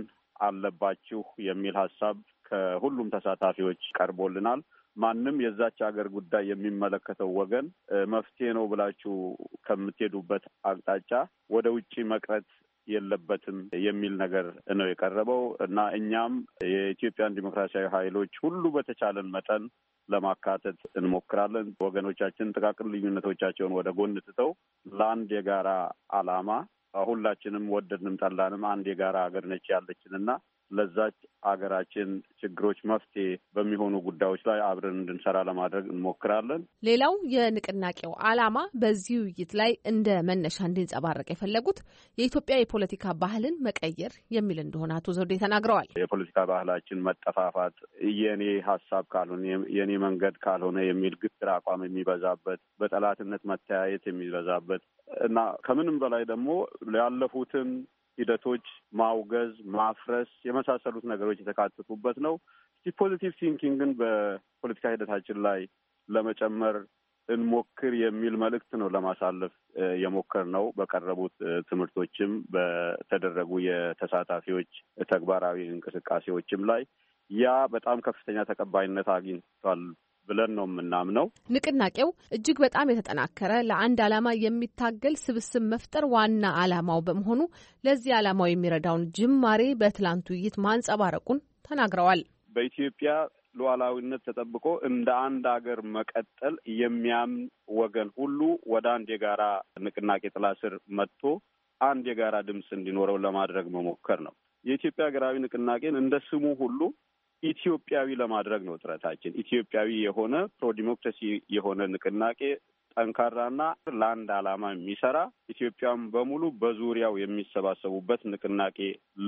አለባችሁ የሚል ሀሳብ ከሁሉም ተሳታፊዎች ቀርቦልናል። ማንም የዛች ሀገር ጉዳይ የሚመለከተው ወገን መፍትሄ ነው ብላችሁ ከምትሄዱበት አቅጣጫ ወደ ውጭ መቅረት የለበትም የሚል ነገር ነው የቀረበው እና እኛም የኢትዮጵያን ዲሞክራሲያዊ ኃይሎች ሁሉ በተቻለን መጠን ለማካተት እንሞክራለን። ወገኖቻችን ጥቃቅን ልዩነቶቻቸውን ወደ ጎን ትተው ለአንድ የጋራ ዓላማ ሁላችንም ወደድንም ጠላንም አንድ የጋራ ሀገር ነች ያለችንና ለዛች አገራችን ችግሮች መፍትሄ በሚሆኑ ጉዳዮች ላይ አብረን እንድንሰራ ለማድረግ እንሞክራለን። ሌላው የንቅናቄው ዓላማ በዚህ ውይይት ላይ እንደ መነሻ እንዲንጸባረቅ የፈለጉት የኢትዮጵያ የፖለቲካ ባህልን መቀየር የሚል እንደሆነ አቶ ዘውዴ ተናግረዋል። የፖለቲካ ባህላችን መጠፋፋት፣ የኔ ሀሳብ ካልሆነ የኔ መንገድ ካልሆነ የሚል ግትር አቋም የሚበዛበት፣ በጠላትነት መተያየት የሚበዛበት እና ከምንም በላይ ደግሞ ያለፉትን ሂደቶች ማውገዝ፣ ማፍረስ የመሳሰሉት ነገሮች የተካተቱበት ነው። ፖዚቲቭ ቲንኪንግን በፖለቲካ ሂደታችን ላይ ለመጨመር እንሞክር የሚል መልእክት ነው ለማሳለፍ የሞከር ነው። በቀረቡት ትምህርቶችም በተደረጉ የተሳታፊዎች ተግባራዊ እንቅስቃሴዎችም ላይ ያ በጣም ከፍተኛ ተቀባይነት አግኝቷል ብለን ነው የምናምነው። ንቅናቄው እጅግ በጣም የተጠናከረ ለአንድ ዓላማ የሚታገል ስብስብ መፍጠር ዋና ዓላማው በመሆኑ ለዚህ ዓላማው የሚረዳውን ጅማሬ በትላንት ውይይት ማንጸባረቁን ተናግረዋል። በኢትዮጵያ ሉዓላዊነት ተጠብቆ እንደ አንድ ሀገር መቀጠል የሚያምን ወገን ሁሉ ወደ አንድ የጋራ ንቅናቄ ጥላ ስር መጥቶ አንድ የጋራ ድምፅ እንዲኖረው ለማድረግ መሞከር ነው። የኢትዮጵያ ሀገራዊ ንቅናቄን እንደ ስሙ ሁሉ ኢትዮጵያዊ ለማድረግ ነው ጥረታችን። ኢትዮጵያዊ የሆነ ፕሮዲሞክራሲ የሆነ ንቅናቄ ጠንካራና ለአንድ ዓላማ የሚሰራ ኢትዮጵያን በሙሉ በዙሪያው የሚሰባሰቡበት ንቅናቄ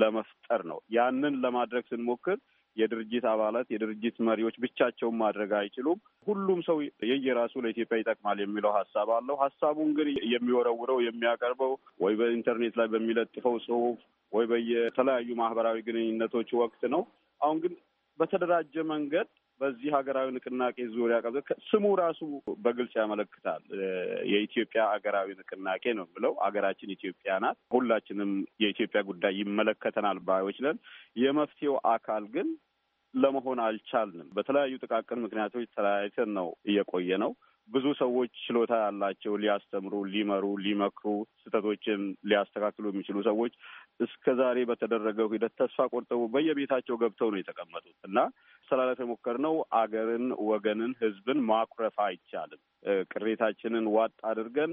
ለመፍጠር ነው። ያንን ለማድረግ ስንሞክር የድርጅት አባላት የድርጅት መሪዎች ብቻቸውን ማድረግ አይችሉም። ሁሉም ሰው የየራሱ ለኢትዮጵያ ይጠቅማል የሚለው ሀሳብ አለው። ሀሳቡን ግን የሚወረውረው የሚያቀርበው ወይ በኢንተርኔት ላይ በሚለጥፈው ጽሁፍ ወይ በየተለያዩ ማህበራዊ ግንኙነቶች ወቅት ነው። አሁን ግን በተደራጀ መንገድ በዚህ ሀገራዊ ንቅናቄ ዙሪያ ስሙ ራሱ በግልጽ ያመለክታል። የኢትዮጵያ ሀገራዊ ንቅናቄ ነው ብለው ሀገራችን ኢትዮጵያ ናት፣ ሁላችንም የኢትዮጵያ ጉዳይ ይመለከተናል ባዮች ነን። የመፍትሄው አካል ግን ለመሆን አልቻልንም። በተለያዩ ጥቃቅን ምክንያቶች ተለያይተን ነው እየቆየ ነው። ብዙ ሰዎች ችሎታ ያላቸው ሊያስተምሩ፣ ሊመሩ፣ ሊመክሩ ስህተቶችን ሊያስተካክሉ የሚችሉ ሰዎች እስከ ዛሬ በተደረገው ሂደት ተስፋ ቆርጠው በየቤታቸው ገብተው ነው የተቀመጡት እና አስተላለፍ የሞከርነው አገርን፣ ወገንን፣ ህዝብን ማኩረፍ አይቻልም። ቅሬታችንን ዋጥ አድርገን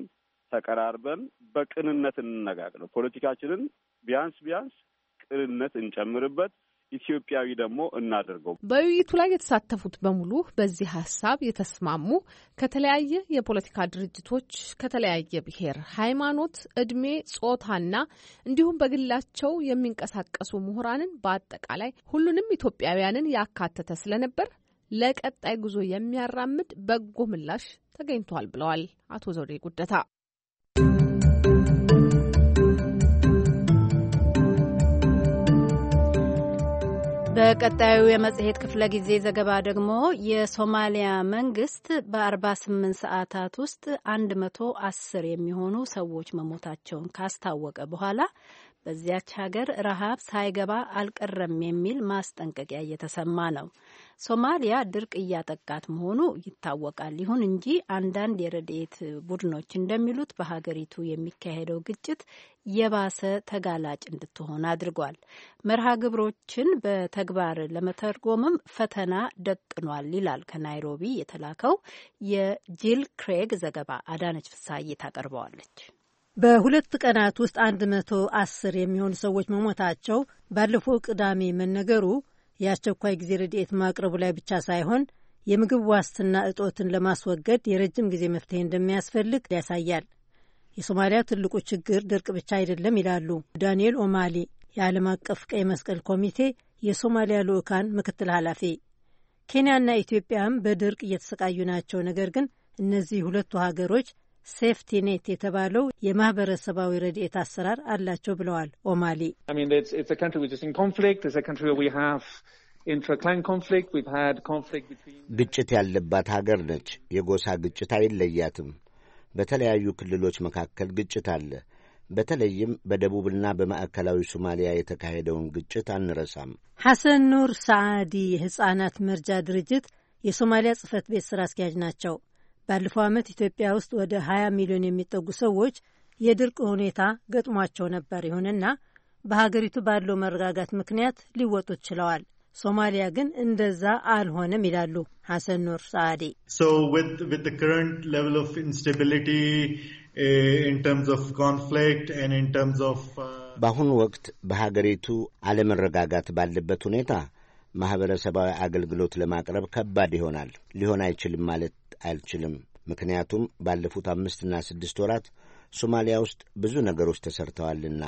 ተቀራርበን በቅንነት እንነጋገር ፖለቲካችንን ቢያንስ ቢያንስ ቅንነት እንጨምርበት። ኢትዮጵያዊ ደግሞ እናደርገው። በውይይቱ ላይ የተሳተፉት በሙሉ በዚህ ሀሳብ የተስማሙ ከተለያየ የፖለቲካ ድርጅቶች፣ ከተለያየ ብሔር፣ ሃይማኖት፣ እድሜ፣ ጾታና እንዲሁም በግላቸው የሚንቀሳቀሱ ምሁራንን በአጠቃላይ ሁሉንም ኢትዮጵያውያንን ያካተተ ስለነበር ለቀጣይ ጉዞ የሚያራምድ በጎ ምላሽ ተገኝቷል ብለዋል አቶ ዘውዴ ጉደታ። በቀጣዩ የመጽሔት ክፍለ ጊዜ ዘገባ ደግሞ የሶማሊያ መንግስት በ48 ሰዓታት ውስጥ 110 የሚሆኑ ሰዎች መሞታቸውን ካስታወቀ በኋላ በዚያች ሀገር ረሃብ ሳይገባ አልቀረም የሚል ማስጠንቀቂያ እየተሰማ ነው። ሶማሊያ ድርቅ እያጠቃት መሆኑ ይታወቃል። ይሁን እንጂ አንዳንድ የረድኤት ቡድኖች እንደሚሉት በሀገሪቱ የሚካሄደው ግጭት የባሰ ተጋላጭ እንድትሆን አድርጓል። መርሃ ግብሮችን በተግባር ለመተርጎምም ፈተና ደቅኗል ይላል ከናይሮቢ የተላከው የጂል ክሬግ ዘገባ። አዳነች ፍሳዬ ታቀርበዋለች። በሁለት ቀናት ውስጥ አስር የሚሆኑ ሰዎች መሞታቸው ባለፈው ቅዳሜ መነገሩ የአስቸኳይ ጊዜ ረድኤት ማቅረቡ ላይ ብቻ ሳይሆን የምግብ ዋስትና እጦትን ለማስወገድ የረጅም ጊዜ መፍትሄ እንደሚያስፈልግ ያሳያል። የሶማሊያ ትልቁ ችግር ድርቅ ብቻ አይደለም ይላሉ ዳንኤል ኦማሊ፣ የዓለም አቀፍ ቀይ መስቀል ኮሚቴ የሶማሊያ ልዑካን ምክትል ኃላፊ። ኬንያና ኢትዮጵያም በድርቅ እየተሰቃዩ ናቸው። ነገር ግን እነዚህ ሁለቱ ሀገሮች ሴፍቲ ኔት የተባለው የማህበረሰባዊ ረድኤት አሰራር አላቸው ብለዋል ኦማሊ። ግጭት ያለባት ሀገር ነች። የጎሳ ግጭት አይለያትም። በተለያዩ ክልሎች መካከል ግጭት አለ። በተለይም በደቡብና በማዕከላዊ ሶማሊያ የተካሄደውን ግጭት አንረሳም። ሐሰን ኑር ሰዓዲ የሕፃናት መርጃ ድርጅት የሶማሊያ ጽህፈት ቤት ሥራ አስኪያጅ ናቸው። ባለፈው ዓመት ኢትዮጵያ ውስጥ ወደ 20 ሚሊዮን የሚጠጉ ሰዎች የድርቅ ሁኔታ ገጥሟቸው ነበር። ይሁንና በሀገሪቱ ባለው መረጋጋት ምክንያት ሊወጡ ችለዋል። ሶማሊያ ግን እንደዛ አልሆነም ይላሉ ሐሰን ኑር ሰዓዲ። eh, uh, በአሁኑ ወቅት በሀገሪቱ አለመረጋጋት ባለበት ሁኔታ ማኅበረሰባዊ አገልግሎት ለማቅረብ ከባድ ይሆናል። ሊሆን አይችልም ማለት አልችልም። ምክንያቱም ባለፉት አምስትና ስድስት ወራት ሶማሊያ ውስጥ ብዙ ነገሮች ተሰርተዋልና።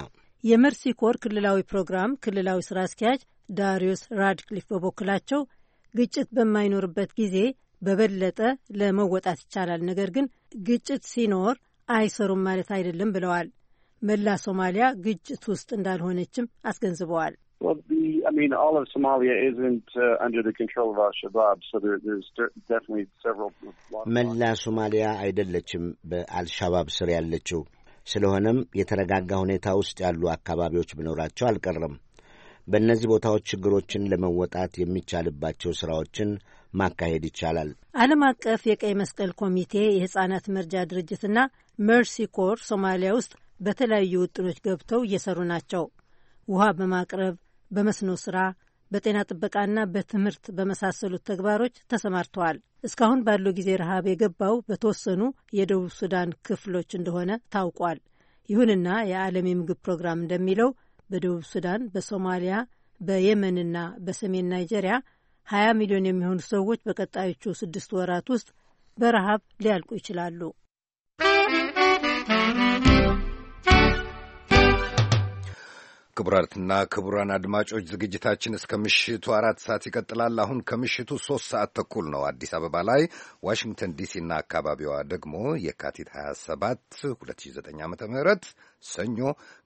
የመርሲ ኮር ክልላዊ ፕሮግራም ክልላዊ ስራ አስኪያጅ ዳሪዮስ ራድክሊፍ በበኩላቸው ግጭት በማይኖርበት ጊዜ በበለጠ ለመወጣት ይቻላል፣ ነገር ግን ግጭት ሲኖር አይሰሩም ማለት አይደለም ብለዋል። መላ ሶማሊያ ግጭት ውስጥ እንዳልሆነችም አስገንዝበዋል። Well, the, I mean, all of Somalia isn't uh, under the control of Al-Shabaab, so there, there's definitely several... መላ ሶማሊያ አይደለችም በአልሻባብ ስር ያለችው። ስለሆነም የተረጋጋ ሁኔታ ውስጥ ያሉ አካባቢዎች መኖራቸው አልቀረም። በእነዚህ ቦታዎች ችግሮችን ለመወጣት የሚቻልባቸው ስራዎችን ማካሄድ ይቻላል። ዓለም አቀፍ የቀይ መስቀል ኮሚቴ፣ የሕፃናት መርጃ ድርጅትና መርሲ ኮር ሶማሊያ ውስጥ በተለያዩ ውጥኖች ገብተው እየሰሩ ናቸው። ውሃ በማቅረብ በመስኖ ስራ፣ በጤና ጥበቃና በትምህርት በመሳሰሉት ተግባሮች ተሰማርተዋል። እስካሁን ባለው ጊዜ ረሃብ የገባው በተወሰኑ የደቡብ ሱዳን ክፍሎች እንደሆነ ታውቋል። ይሁንና የዓለም የምግብ ፕሮግራም እንደሚለው በደቡብ ሱዳን፣ በሶማሊያ፣ በየመንና በሰሜን ናይጄሪያ 20 ሚሊዮን የሚሆኑ ሰዎች በቀጣዮቹ ስድስት ወራት ውስጥ በረሃብ ሊያልቁ ይችላሉ። ክቡራትና ክቡራን አድማጮች ዝግጅታችን እስከ ምሽቱ አራት ሰዓት ይቀጥላል። አሁን ከምሽቱ ሶስት ሰዓት ተኩል ነው አዲስ አበባ ላይ፣ ዋሽንግተን ዲሲና አካባቢዋ ደግሞ የካቲት 27 2009 ዓ ም ሰኞ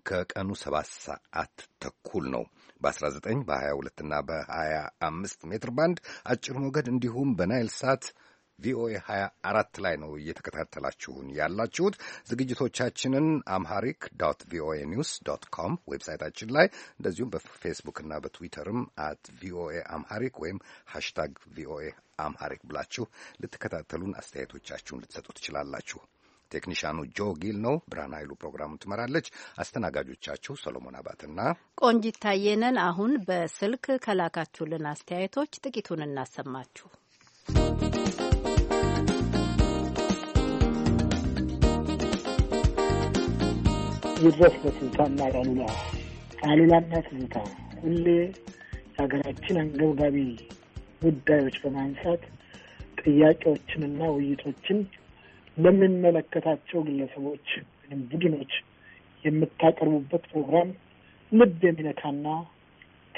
ከቀኑ ሰባት ሰዓት ተኩል ነው። በ19 በ22ና በ25 ሜትር ባንድ አጭር ሞገድ እንዲሁም በናይል ሳት ቪኦኤ 24 ላይ ነው እየተከታተላችሁን ያላችሁት። ዝግጅቶቻችንን አምሃሪክ ዶት ቪኦኤ ኒውስ ዶት ኮም ዌብሳይታችን ላይ እንደዚሁም በፌስቡክና በትዊተርም አት ቪኦኤ አምሃሪክ ወይም ሃሽታግ ቪኦኤ አምሃሪክ ብላችሁ ልትከታተሉን አስተያየቶቻችሁን ልትሰጡ ትችላላችሁ። ቴክኒሻኑ ጆ ጊል ነው። ብርሃን ኃይሉ ፕሮግራሙን ትመራለች። አስተናጋጆቻችሁ ሰሎሞን አባትና ቆንጂት ታየ አሁን በስልክ ከላካችሁልን አስተያየቶች ጥቂቱን እናሰማችሁ። ይድረስ በስልጣና ቃሉላ ቃሉላና ትዝታ ሁሌ የሀገራችን አንገብጋቢ ጉዳዮች በማንሳት ጥያቄዎችንና ውይይቶችን ለሚመለከታቸው ግለሰቦች ወይም ቡድኖች የምታቀርቡበት ፕሮግራም ልብ የሚነካና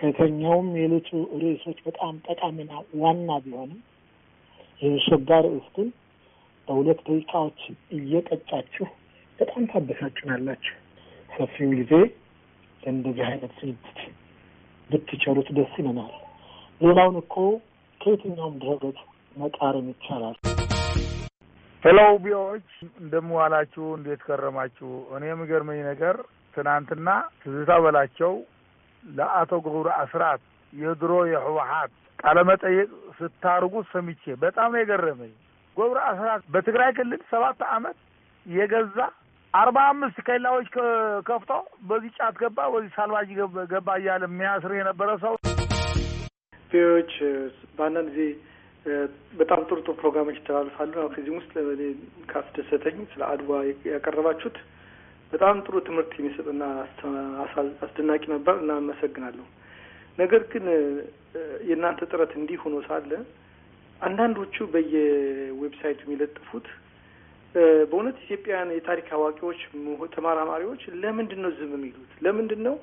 ከተኛውም የዕለቱ ርዕሶች በጣም ጠቃሚና ዋና ቢሆንም የሸጋ ርዕስ ግን በሁለት ደቂቃዎች እየቀጫችሁ በጣም ታበሳችናላችሁ። ሰፊውን ጊዜ እንደዚህ አይነት ስልት ብትቸሩት ደስ ይለናል። ሌላውን እኮ ከየትኛውም ድረገጽ መቃረም ይቻላል። ሄሎው ቢዎች እንደምዋላችሁ፣ እንዴት ከረማችሁ? እኔ የሚገርመኝ ነገር ትናንትና ትዝታ በላቸው ለአቶ ገብሩ አስራት የድሮ የህወሀት ቃለ መጠየቅ ስታርጉ ሰምቼ በጣም ነው የገረመኝ። ገብሩ አስራት በትግራይ ክልል ሰባት አመት የገዛ አርባ አምስት ኬላዎች ከፍቶ በዚህ ጫት ገባ፣ በዚህ ሳልቫጅ ገባ እያለ የሚያስር የነበረ ሰው ዎች በአንዳንድ ጊዜ በጣም ጥሩ ጥሩ ፕሮግራሞች ይተላልፋሉ። ከዚህም ውስጥ ካስደሰተኝ ስለ አድዋ ያቀረባችሁት በጣም ጥሩ ትምህርት የሚሰጥና አስደናቂ ነበር እና አመሰግናለሁ። ነገር ግን የእናንተ ጥረት እንዲህ ሆኖ ሳለ አንዳንዶቹ በየዌብሳይቱ የሚለጥፉት በእውነት ኢትዮጵያውያን የታሪክ አዋቂዎች፣ ተመራማሪዎች ለምንድን ነው ዝም የሚሉት? ለምንድን ነው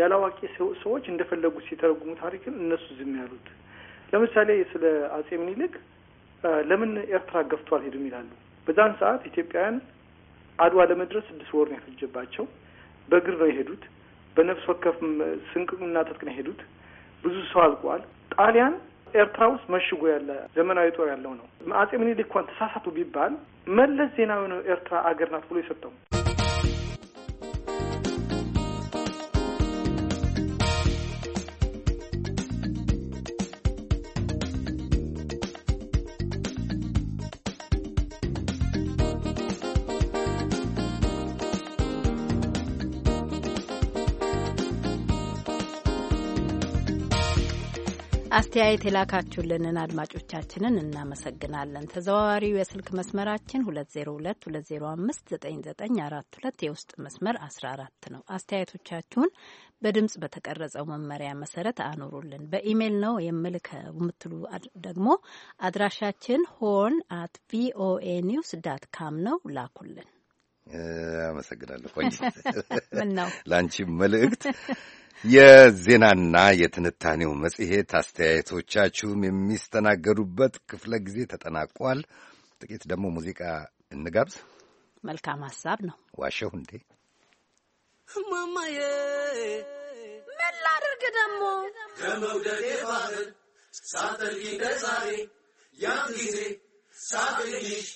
ያለ አዋቂ ሰዎች እንደፈለጉ ሲተረጉሙ ታሪክን እነሱ ዝም ያሉት? ለምሳሌ ስለ አጼ ምኒልክ ለምን ኤርትራ ገፍቶ አልሄዱም ይላሉ። በዛን ሰዓት ኢትዮጵያውያን አድዋ ለመድረስ ስድስት ወር ነው የፈጀባቸው። በእግር ነው የሄዱት። በነፍስ ወከፍ ስንቅና ትጥቅ ነው የሄዱት። ብዙ ሰው አልቋል። ጣሊያን ኤርትራ ውስጥ መሽጎ ያለ ዘመናዊ ጦር ያለው ነው። አጼ ምኒልክ እንኳን ተሳሳቱ ቢባል መለስ ዜናዊ ነው ኤርትራ አገር ናት ብሎ የሰጠው። አስተያየት የላካችሁልንን አድማጮቻችንን እናመሰግናለን። ተዘዋዋሪው የስልክ መስመራችን 2022059942 የውስጥ መስመር 14 ነው። አስተያየቶቻችሁን በድምፅ በተቀረጸው መመሪያ መሰረት አኖሩልን። በኢሜይል ነው የምልከ የምትሉ ደግሞ አድራሻችን ሆርን አት ቪኦኤ ኒውስ ዳት ካም ነው። ላኩልን። አመሰግናለሁ ቆንጅት። ምነው ለአንቺም መልእክት የዜናና የትንታኔው መጽሔት አስተያየቶቻችሁም የሚስተናገዱበት ክፍለ ጊዜ ተጠናቋል። ጥቂት ደግሞ ሙዚቃ እንጋብዝ። መልካም ሀሳብ ነው። ዋሸሁ እንዴ ማማዬ? ምን ላድርግ ደግሞ ከመውደዴ ባህር ሳጠልቂ ዛሬ ያን ጊዜ ሳቅልሽ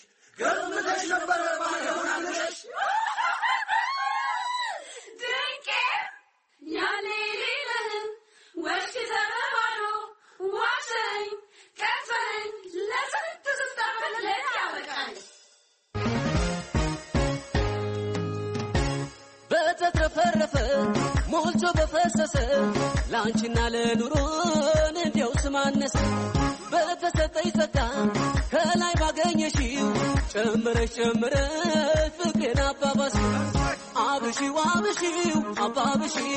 ገምተሽ ነበረ ባለ ሆናለሽ ድንቄ ያኔ ሌለህን ወሽክ ተበባዶ ዋሸኝ ከፈኝ ለስንት ስታፈት ሞልቶ በፈሰሰ ለአንቺና ለኑሮን እንዲያው ስማነሰ በተሰጠኝ ጸጋ ከላይ ባገኘሽው ጨምረሽ ጨምረሽ ፍቅሬን አባባሽው አብሽው አብሽው አባብሽው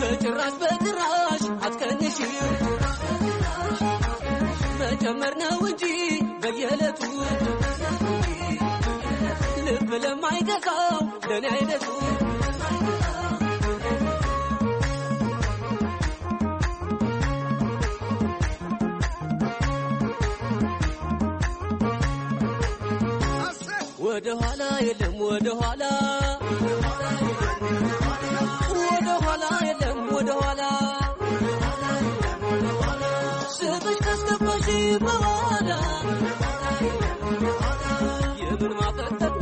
በጭራሽ በጭራሽ አትቀንሽው መጨመር ነው እንጂ በየዕለቱ ልብ ለማይገዛው ለእኔ አይነቱ የለም ወደ ኋላ ወደ ኋላ የለም ወደ ኋላ ስጥሽ ካስገባሽ በኋላ የምን ማፈጠት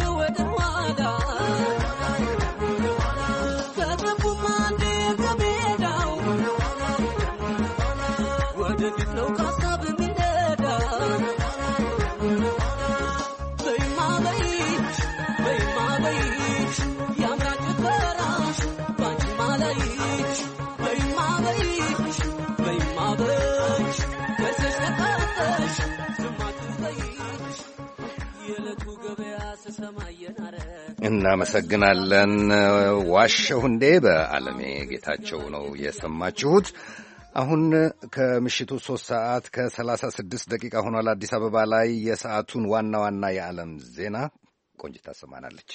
እናመሰግናለን። ዋሸሁ እንዴ በዓለሜ ጌታቸው ነው የሰማችሁት። አሁን ከምሽቱ ሶስት ሰዓት ከሰላሳ ስድስት ደቂቃ ሆኗል። አዲስ አበባ ላይ የሰዓቱን ዋና ዋና የዓለም ዜና ቆንጅት ታሰማናለች።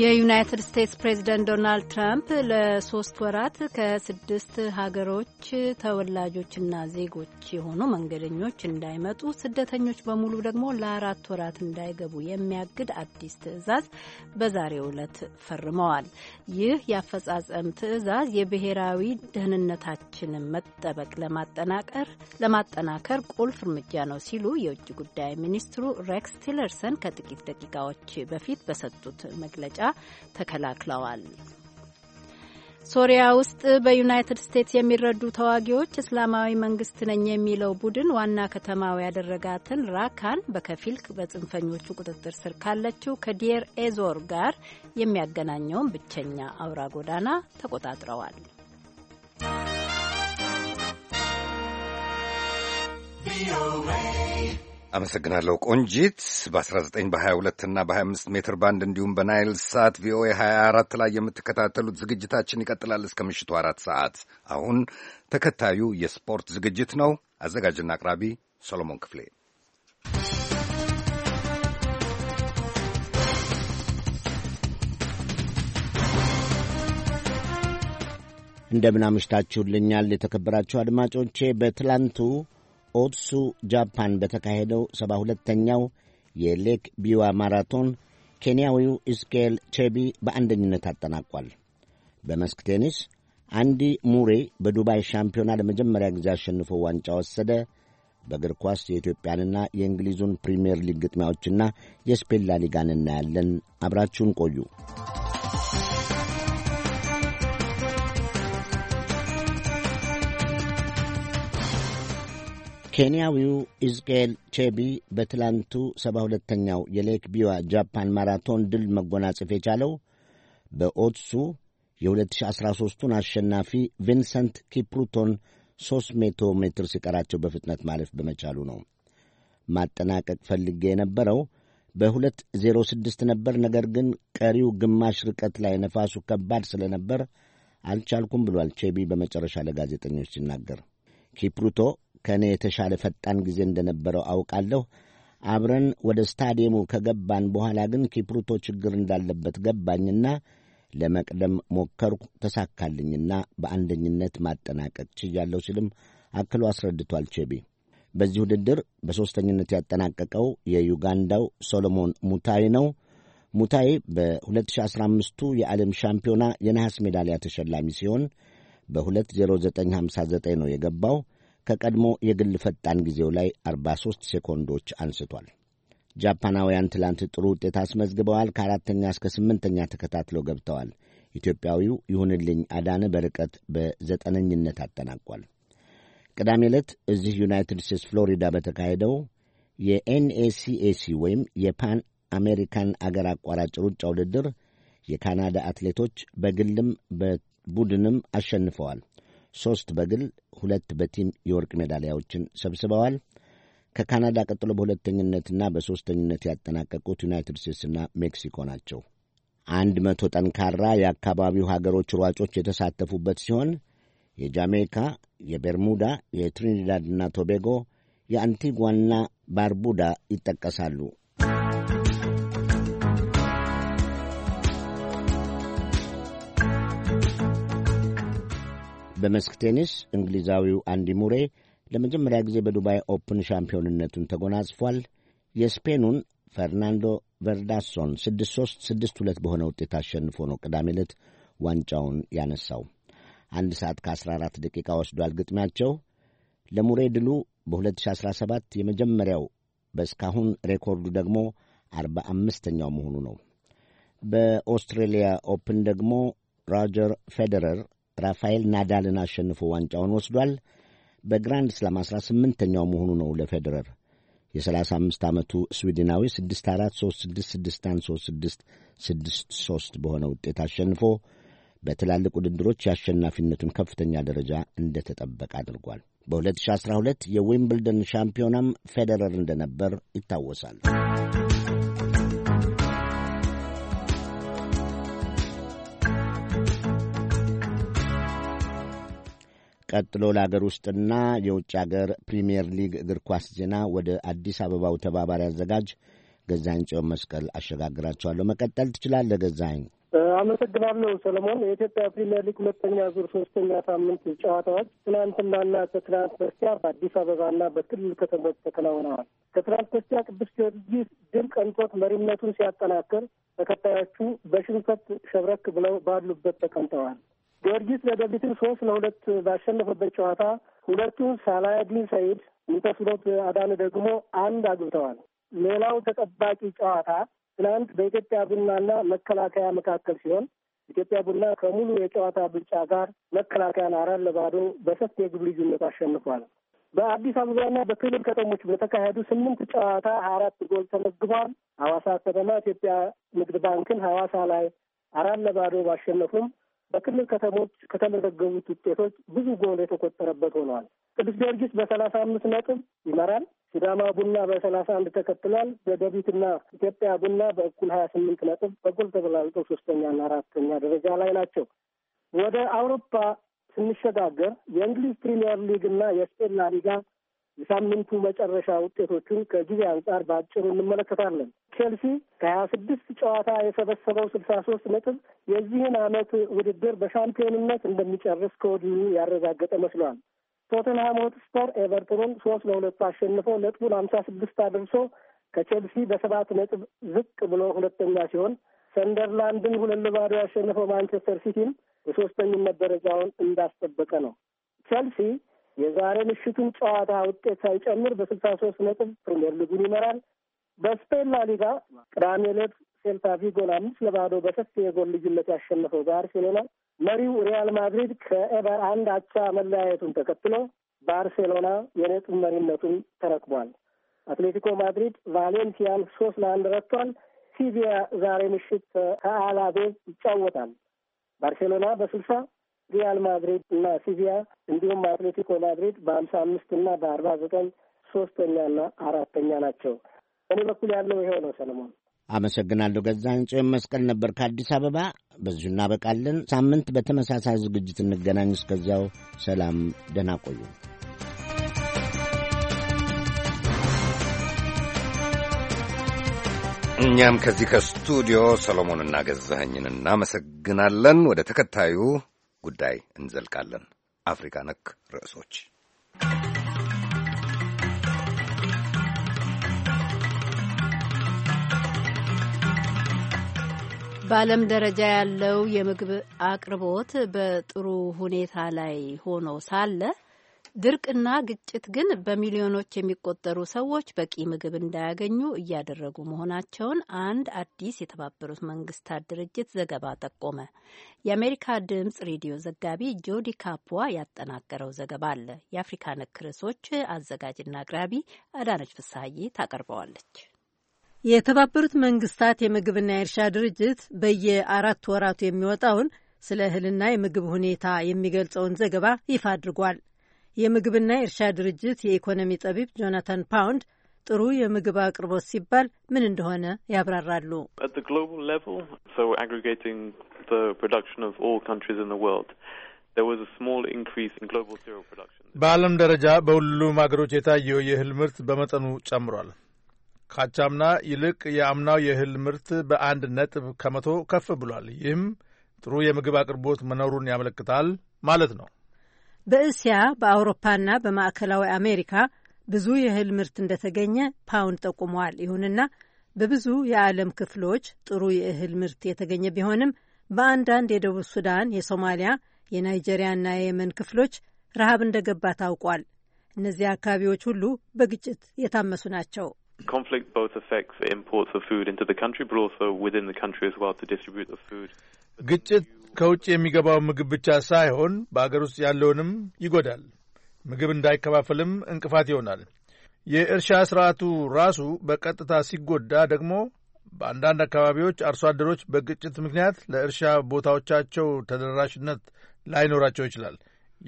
የዩናይትድ ስቴትስ ፕሬዚደንት ዶናልድ ትራምፕ ለሶስት ወራት ከስድስት ሀገሮች ተወላጆችና ዜጎች የሆኑ መንገደኞች እንዳይመጡ፣ ስደተኞች በሙሉ ደግሞ ለአራት ወራት እንዳይገቡ የሚያግድ አዲስ ትዕዛዝ በዛሬው ዕለት ፈርመዋል። ይህ የአፈጻጸም ትዕዛዝ የብሔራዊ ደህንነታችንን መጠበቅ ለማጠናቀር ለማጠናከር ቁልፍ እርምጃ ነው ሲሉ የውጭ ጉዳይ ሚኒስትሩ ሬክስ ቲለርሰን ከጥቂት ደቂቃዎች በፊት በሰጡት መግለጫ ተከላክለዋል። ሶሪያ ውስጥ በዩናይትድ ስቴትስ የሚረዱ ተዋጊዎች እስላማዊ መንግስት ነኝ የሚለው ቡድን ዋና ከተማው ያደረጋትን ራካን በከፊል በጽንፈኞቹ ቁጥጥር ስር ካለችው ከዲየር ኤዞር ጋር የሚያገናኘውን ብቸኛ አውራ ጎዳና ተቆጣጥረዋል። ቪኦኤ አመሰግናለሁ ቆንጂት። በ19 በ22 እና በ25 ሜትር ባንድ እንዲሁም በናይል ሳት ቪኦኤ 24 ላይ የምትከታተሉት ዝግጅታችን ይቀጥላል እስከ ምሽቱ አራት ሰዓት። አሁን ተከታዩ የስፖርት ዝግጅት ነው። አዘጋጅና አቅራቢ ሰሎሞን ክፍሌ። እንደምን አምሽታችሁልኛል የተከበራችሁ አድማጮቼ በትላንቱ ኦትሱ ጃፓን በተካሄደው ሰባ ሁለተኛው የሌክ ቢዋ ማራቶን ኬንያዊው ኢስኬል ቼቢ በአንደኝነት አጠናቋል። በመስክ ቴኒስ አንዲ ሙሬ በዱባይ ሻምፒዮና ለመጀመሪያ ጊዜ አሸንፎ ዋንጫ ወሰደ። በእግር ኳስ የኢትዮጵያንና የእንግሊዙን ፕሪምየር ሊግ ግጥሚያዎችና የስፔን ላሊጋን እናያለን። አብራችሁን ቆዩ። ኬንያዊው ኢዝቅኤል ቼቢ በትላንቱ ሰባ ሁለተኛው የሌክ ቢዋ ጃፓን ማራቶን ድል መጎናጸፍ የቻለው በኦትሱ የ2013ቱን አሸናፊ ቪንሰንት ኪፕሩቶን 300 ሜትር ሲቀራቸው በፍጥነት ማለፍ በመቻሉ ነው። ማጠናቀቅ ፈልጌ የነበረው በ 2 06 ነበር፣ ነገር ግን ቀሪው ግማሽ ርቀት ላይ ነፋሱ ከባድ ስለነበር አልቻልኩም ብሏል ቼቢ በመጨረሻ ለጋዜጠኞች ሲናገር። ኪፕሩቶ ከእኔ የተሻለ ፈጣን ጊዜ እንደነበረው አውቃለሁ። አብረን ወደ ስታዲየሙ ከገባን በኋላ ግን ኪፕሩቶ ችግር እንዳለበት ገባኝና ለመቅደም ሞከርኩ። ተሳካልኝና በአንደኝነት ማጠናቀቅ ችያለሁ ሲልም አክሎ አስረድቷል። ቼቢ በዚህ ውድድር በሦስተኝነት ያጠናቀቀው የዩጋንዳው ሶሎሞን ሙታይ ነው። ሙታይ በ2015ቱ የዓለም ሻምፒዮና የነሐስ ሜዳሊያ ተሸላሚ ሲሆን በ20959 ነው የገባው። ከቀድሞ የግል ፈጣን ጊዜው ላይ 43 ሴኮንዶች አንስቷል። ጃፓናውያን ትላንት ጥሩ ውጤት አስመዝግበዋል። ከአራተኛ እስከ ስምንተኛ ተከታትለው ገብተዋል። ኢትዮጵያዊው ይሁንልኝ አዳነ በርቀት በዘጠነኝነት አጠናቋል። ቅዳሜ ዕለት እዚህ ዩናይትድ ስቴትስ ፍሎሪዳ በተካሄደው የኤንኤሲኤሲ ወይም የፓን አሜሪካን አገር አቋራጭ ሩጫ ውድድር የካናዳ አትሌቶች በግልም በቡድንም አሸንፈዋል። ሦስት በግል ሁለት በቲም የወርቅ ሜዳሊያዎችን ሰብስበዋል። ከካናዳ ቀጥሎ በሁለተኝነትና በሦስተኝነት ያጠናቀቁት ዩናይትድ ስቴትስና ሜክሲኮ ናቸው። አንድ መቶ ጠንካራ የአካባቢው ሀገሮች ሯጮች የተሳተፉበት ሲሆን የጃሜይካ፣ የቤርሙዳ፣ የትሪኒዳድና ቶቤጎ፣ የአንቲጓና ባርቡዳ ይጠቀሳሉ። በመስክ ቴኒስ እንግሊዛዊው አንዲ ሙሬ ለመጀመሪያ ጊዜ በዱባይ ኦፕን ሻምፒዮንነቱን ተጎናጽፏል። የስፔኑን ፈርናንዶ ቨርዳሶን 63 3 በሆነ ውጤት አሸንፎ ነው ቅዳሜ ዕለት ዋንጫውን ያነሳው። አንድ ሰዓት ከ14 ደቂቃ ወስዷል ግጥሚያቸው። ለሙሬ ድሉ በ2017 የመጀመሪያው በእስካሁን ሬኮርዱ ደግሞ 45ኛው መሆኑ ነው። በኦስትሬሊያ ኦፕን ደግሞ ሮጀር ፌዴረር ራፋኤል ናዳልን አሸንፎ ዋንጫውን ወስዷል። በግራንድ ስላም አስራ ስምንተኛው መሆኑ ነው ለፌዴረር። የ35 ዓመቱ ስዊድናዊ 643663663 በሆነ ውጤት አሸንፎ በትላልቅ ውድድሮች የአሸናፊነቱን ከፍተኛ ደረጃ እንደተጠበቀ አድርጓል። በ2012 የዊምብልደን ሻምፒዮናም ፌዴረር እንደነበር ይታወሳል። ቀጥሎ ለአገር ውስጥና የውጭ አገር ፕሪምየር ሊግ እግር ኳስ ዜና ወደ አዲስ አበባው ተባባሪ አዘጋጅ ገዛኝ ጽዮን መስቀል አሸጋግራቸዋለሁ። መቀጠል ትችላለህ ገዛኝ። አመሰግናለሁ ሰለሞን። የኢትዮጵያ ፕሪምየር ሊግ ሁለተኛ ዙር ሶስተኛ ሳምንት ጨዋታዎች ትናንትናና ከትናንት በስቲያ በአዲስ አበባና በክልል ከተሞች ተከናውነዋል። ከትናንት በስቲያ ቅዱስ ጊዮርጊስ ድል ቀንቶት መሪነቱን ሲያጠናክር፣ ተከታዮቹ በሽንፈት ሸብረክ ብለው ባሉበት ተቀምጠዋል። ጊዮርጊስ ደደቢትን ሶስት ለሁለት ባሸነፈበት ጨዋታ ሁለቱ ሳላያዲን ሰይድ፣ ሚተስኖት አዳነ ደግሞ አንድ አግብተዋል። ሌላው ተጠባቂ ጨዋታ ትናንት በኢትዮጵያ ቡናና መከላከያ መካከል ሲሆን ኢትዮጵያ ቡና ከሙሉ የጨዋታ ብልጫ ጋር መከላከያን አራት ለባዶ በሰፊ የግብ ልዩነት አሸንፏል። በአዲስ አበባና በክልል ከተሞች በተካሄዱ ስምንት ጨዋታ አራት ጎል ተመዝግቧል። ሐዋሳ ከተማ ኢትዮጵያ ንግድ ባንክን ሐዋሳ ላይ አራት ለባዶ ባሸነፉም በክልል ከተሞች ከተመዘገቡት ውጤቶች ብዙ ጎል የተቆጠረበት ሆነዋል። ቅዱስ ጊዮርጊስ በሰላሳ አምስት ነጥብ ይመራል። ሲዳማ ቡና በሰላሳ አንድ ተከትሏል። በደቢትና ኢትዮጵያ ቡና በእኩል ሀያ ስምንት ነጥብ በጎል ተበላልጠው ሶስተኛና አራተኛ ደረጃ ላይ ናቸው። ወደ አውሮፓ ስንሸጋገር የእንግሊዝ ፕሪሚየር ሊግ እና የስፔን ላሊጋ የሳምንቱ መጨረሻ ውጤቶቹን ከጊዜ አንጻር በአጭሩ እንመለከታለን። ቼልሲ ከሀያ ስድስት ጨዋታ የሰበሰበው ስልሳ ሶስት ነጥብ የዚህን ዓመት ውድድር በሻምፒዮንነት እንደሚጨርስ ከወዲሁ ያረጋገጠ መስሏል። ቶተንሃም ሆትስፐር ኤቨርቶንን ሶስት ለሁለቱ አሸንፎ ነጥቡን ሀምሳ ስድስት አድርሶ ከቼልሲ በሰባት ነጥብ ዝቅ ብሎ ሁለተኛ ሲሆን ሰንደርላንድን ሁለት ለባዶ ያሸነፈው ማንቸስተር ሲቲም የሶስተኝነት ደረጃውን እንዳስጠበቀ ነው። ቼልሲ የዛሬ ምሽቱን ጨዋታ ውጤት ሳይጨምር በስልሳ ሶስት ነጥብ ፕሪምየር ሊጉን ይመራል። በስፔን ላሊጋ ቅዳሜ ዕለት ሴልታ ቪጎን አምስት ለባዶ በሰፊ የጎል ልዩነት ያሸነፈው ባርሴሎና መሪው ሪያል ማድሪድ ከኤቨር አንድ አቻ መለያየቱን ተከትሎ ባርሴሎና የነጥብ መሪነቱን ተረክቧል። አትሌቲኮ ማድሪድ ቫሌንሲያን ሶስት ለአንድ ረቷል። ሲቪያ ዛሬ ምሽት ከአላቤዝ ይጫወታል። ባርሴሎና በስልሳ ሪያል ማድሪድ እና ሲቪያ እንዲሁም አትሌቲኮ ማድሪድ በሀምሳ አምስት እና በአርባ ዘጠኝ ሶስተኛና አራተኛ ናቸው። እኔ በኩል ያለው ይኸው ነው። ሰለሞን አመሰግናለሁ። ገዛኸኝ ጽዮን መስቀል ነበር ከአዲስ አበባ። በዚሁ እናበቃለን። ሳምንት በተመሳሳይ ዝግጅት እንገናኝ። እስከዚያው ሰላም፣ ደህና ቆዩ። እኛም ከዚህ ከስቱዲዮ ሰሎሞንና ገዛኸኝን እናመሰግናለን። ወደ ተከታዩ ጉዳይ እንዘልቃለን። አፍሪካ ነክ ርዕሶች በዓለም ደረጃ ያለው የምግብ አቅርቦት በጥሩ ሁኔታ ላይ ሆኖ ሳለ ድርቅና ግጭት ግን በሚሊዮኖች የሚቆጠሩ ሰዎች በቂ ምግብ እንዳያገኙ እያደረጉ መሆናቸውን አንድ አዲስ የተባበሩት መንግስታት ድርጅት ዘገባ ጠቆመ። የአሜሪካ ድምጽ ሬዲዮ ዘጋቢ ጆዲ ካፖዋ ያጠናቀረው ዘገባ አለ። የአፍሪካ ነክ ርዕሶች አዘጋጅና አቅራቢ አዳነች ፍሳሐዬ ታቀርበዋለች። የተባበሩት መንግስታት የምግብና የእርሻ ድርጅት በየአራት ወራቱ የሚወጣውን ስለ እህልና የምግብ ሁኔታ የሚገልጸውን ዘገባ ይፋ አድርጓል። የምግብና የእርሻ ድርጅት የኢኮኖሚ ጠቢብ ጆናታን ፓውንድ ጥሩ የምግብ አቅርቦት ሲባል ምን እንደሆነ ያብራራሉ። በዓለም ደረጃ በሁሉም አገሮች የታየው የእህል ምርት በመጠኑ ጨምሯል። ካቻምና ይልቅ የአምናው የእህል ምርት በአንድ ነጥብ ከመቶ ከፍ ብሏል። ይህም ጥሩ የምግብ አቅርቦት መኖሩን ያመለክታል ማለት ነው። በእስያ በአውሮፓና በማዕከላዊ አሜሪካ ብዙ የእህል ምርት እንደተገኘ ፓውንድ ጠቁመዋል። ይሁንና በብዙ የዓለም ክፍሎች ጥሩ የእህል ምርት የተገኘ ቢሆንም በአንዳንድ የደቡብ ሱዳን፣ የሶማሊያ፣ የናይጄሪያና የየመን ክፍሎች ረሃብ እንደገባ ታውቋል። እነዚህ አካባቢዎች ሁሉ በግጭት የታመሱ ናቸው። ግጭት ከውጭ የሚገባው ምግብ ብቻ ሳይሆን በአገር ውስጥ ያለውንም ይጎዳል። ምግብ እንዳይከፋፈልም እንቅፋት ይሆናል። የእርሻ ስርዓቱ ራሱ በቀጥታ ሲጎዳ ደግሞ በአንዳንድ አካባቢዎች አርሶ አደሮች በግጭት ምክንያት ለእርሻ ቦታዎቻቸው ተደራሽነት ላይኖራቸው ይችላል።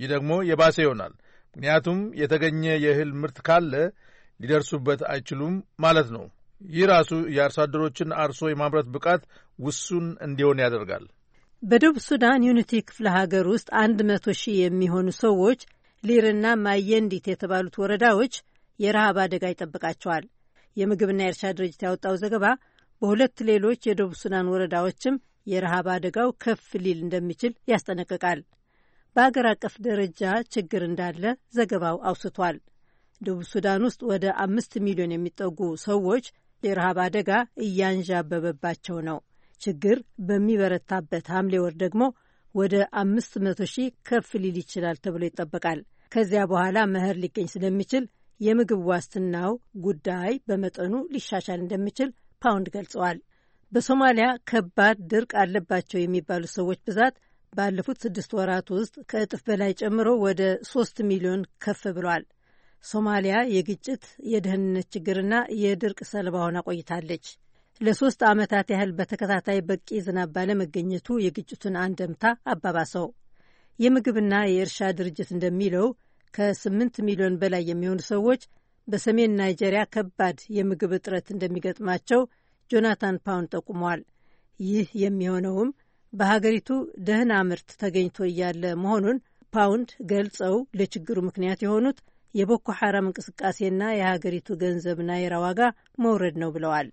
ይህ ደግሞ የባሰ ይሆናል። ምክንያቱም የተገኘ የእህል ምርት ካለ ሊደርሱበት አይችሉም ማለት ነው። ይህ ራሱ የአርሶ አደሮችን አርሶ የማምረት ብቃት ውሱን እንዲሆን ያደርጋል። በደቡብ ሱዳን ዩኒቲ ክፍለ ሀገር ውስጥ አንድ መቶ ሺህ የሚሆኑ ሰዎች ሊርና ማየንዲት የተባሉት ወረዳዎች የረሃብ አደጋ ይጠብቃቸዋል። የምግብና የእርሻ ድርጅት ያወጣው ዘገባ በሁለት ሌሎች የደቡብ ሱዳን ወረዳዎችም የረሃብ አደጋው ከፍ ሊል እንደሚችል ያስጠነቅቃል። በአገር አቀፍ ደረጃ ችግር እንዳለ ዘገባው አውስቷል። ደቡብ ሱዳን ውስጥ ወደ አምስት ሚሊዮን የሚጠጉ ሰዎች የረሃብ አደጋ እያንዣበበባቸው ነው። ችግር በሚበረታበት ሐምሌ ወር ደግሞ ወደ አምስት መቶ ሺህ ከፍ ሊል ይችላል ተብሎ ይጠበቃል። ከዚያ በኋላ መኸር ሊገኝ ስለሚችል የምግብ ዋስትናው ጉዳይ በመጠኑ ሊሻሻል እንደሚችል ፓውንድ ገልጸዋል። በሶማሊያ ከባድ ድርቅ አለባቸው የሚባሉ ሰዎች ብዛት ባለፉት ስድስት ወራት ውስጥ ከእጥፍ በላይ ጨምሮ ወደ ሶስት ሚሊዮን ከፍ ብሏል። ሶማሊያ የግጭት የደህንነት ችግርና የድርቅ ሰለባ ሆና ቆይታለች። ለሶስት ዓመታት ያህል በተከታታይ በቂ ዝናብ ባለመገኘቱ የግጭቱን አንደምታ አባባሰው። የምግብና የእርሻ ድርጅት እንደሚለው ከ8 ሚሊዮን በላይ የሚሆኑ ሰዎች በሰሜን ናይጄሪያ ከባድ የምግብ እጥረት እንደሚገጥማቸው ጆናታን ፓውን ጠቁሟል። ይህ የሚሆነውም በሀገሪቱ ደህና ምርት ተገኝቶ እያለ መሆኑን ፓውንድ ገልጸው ለችግሩ ምክንያት የሆኑት የቦኮ ሐራም እንቅስቃሴና የሀገሪቱ ገንዘብ ናይራ ዋጋ መውረድ ነው ብለዋል።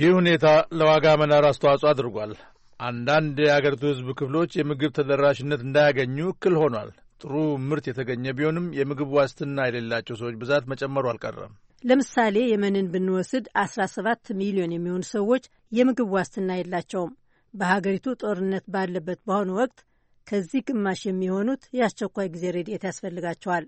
ይህ ሁኔታ ለዋጋ መናር አስተዋጽኦ አድርጓል። አንዳንድ የአገሪቱ ሕዝብ ክፍሎች የምግብ ተደራሽነት እንዳያገኙ እክል ሆኗል። ጥሩ ምርት የተገኘ ቢሆንም የምግብ ዋስትና የሌላቸው ሰዎች ብዛት መጨመሩ አልቀረም። ለምሳሌ የመንን ብንወስድ አስራ ሰባት ሚሊዮን የሚሆኑ ሰዎች የምግብ ዋስትና የላቸውም። በሀገሪቱ ጦርነት ባለበት በአሁኑ ወቅት ከዚህ ግማሽ የሚሆኑት የአስቸኳይ ጊዜ ረድኤት ያስፈልጋቸዋል።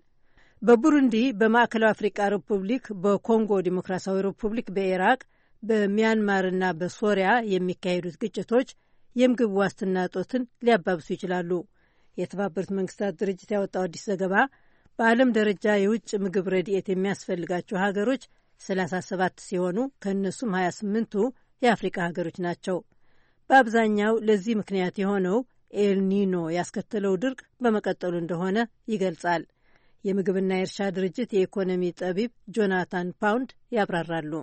በቡሩንዲ፣ በማዕከላዊ አፍሪቃ ሪፑብሊክ፣ በኮንጎ ዲሞክራሲያዊ ሪፑብሊክ፣ በኢራቅ፣ በሚያንማርና በሶሪያ የሚካሄዱት ግጭቶች የምግብ ዋስትና እጦትን ሊያባብሱ ይችላሉ። የተባበሩት መንግስታት ድርጅት ያወጣው አዲስ ዘገባ በዓለም ደረጃ የውጭ ምግብ ረድኤት የሚያስፈልጋቸው ሀገሮች 37 ሲሆኑ ከእነሱም 28ቱ የአፍሪካ ሀገሮች ናቸው። በአብዛኛው ለዚህ ምክንያት የሆነው ኤልኒኖ ያስከተለው ድርቅ በመቀጠሉ እንደሆነ ይገልጻል። የምግብና የእርሻ ድርጅት የኢኮኖሚ ጠቢብ ጆናታን ፓውንድ ያብራራሉ።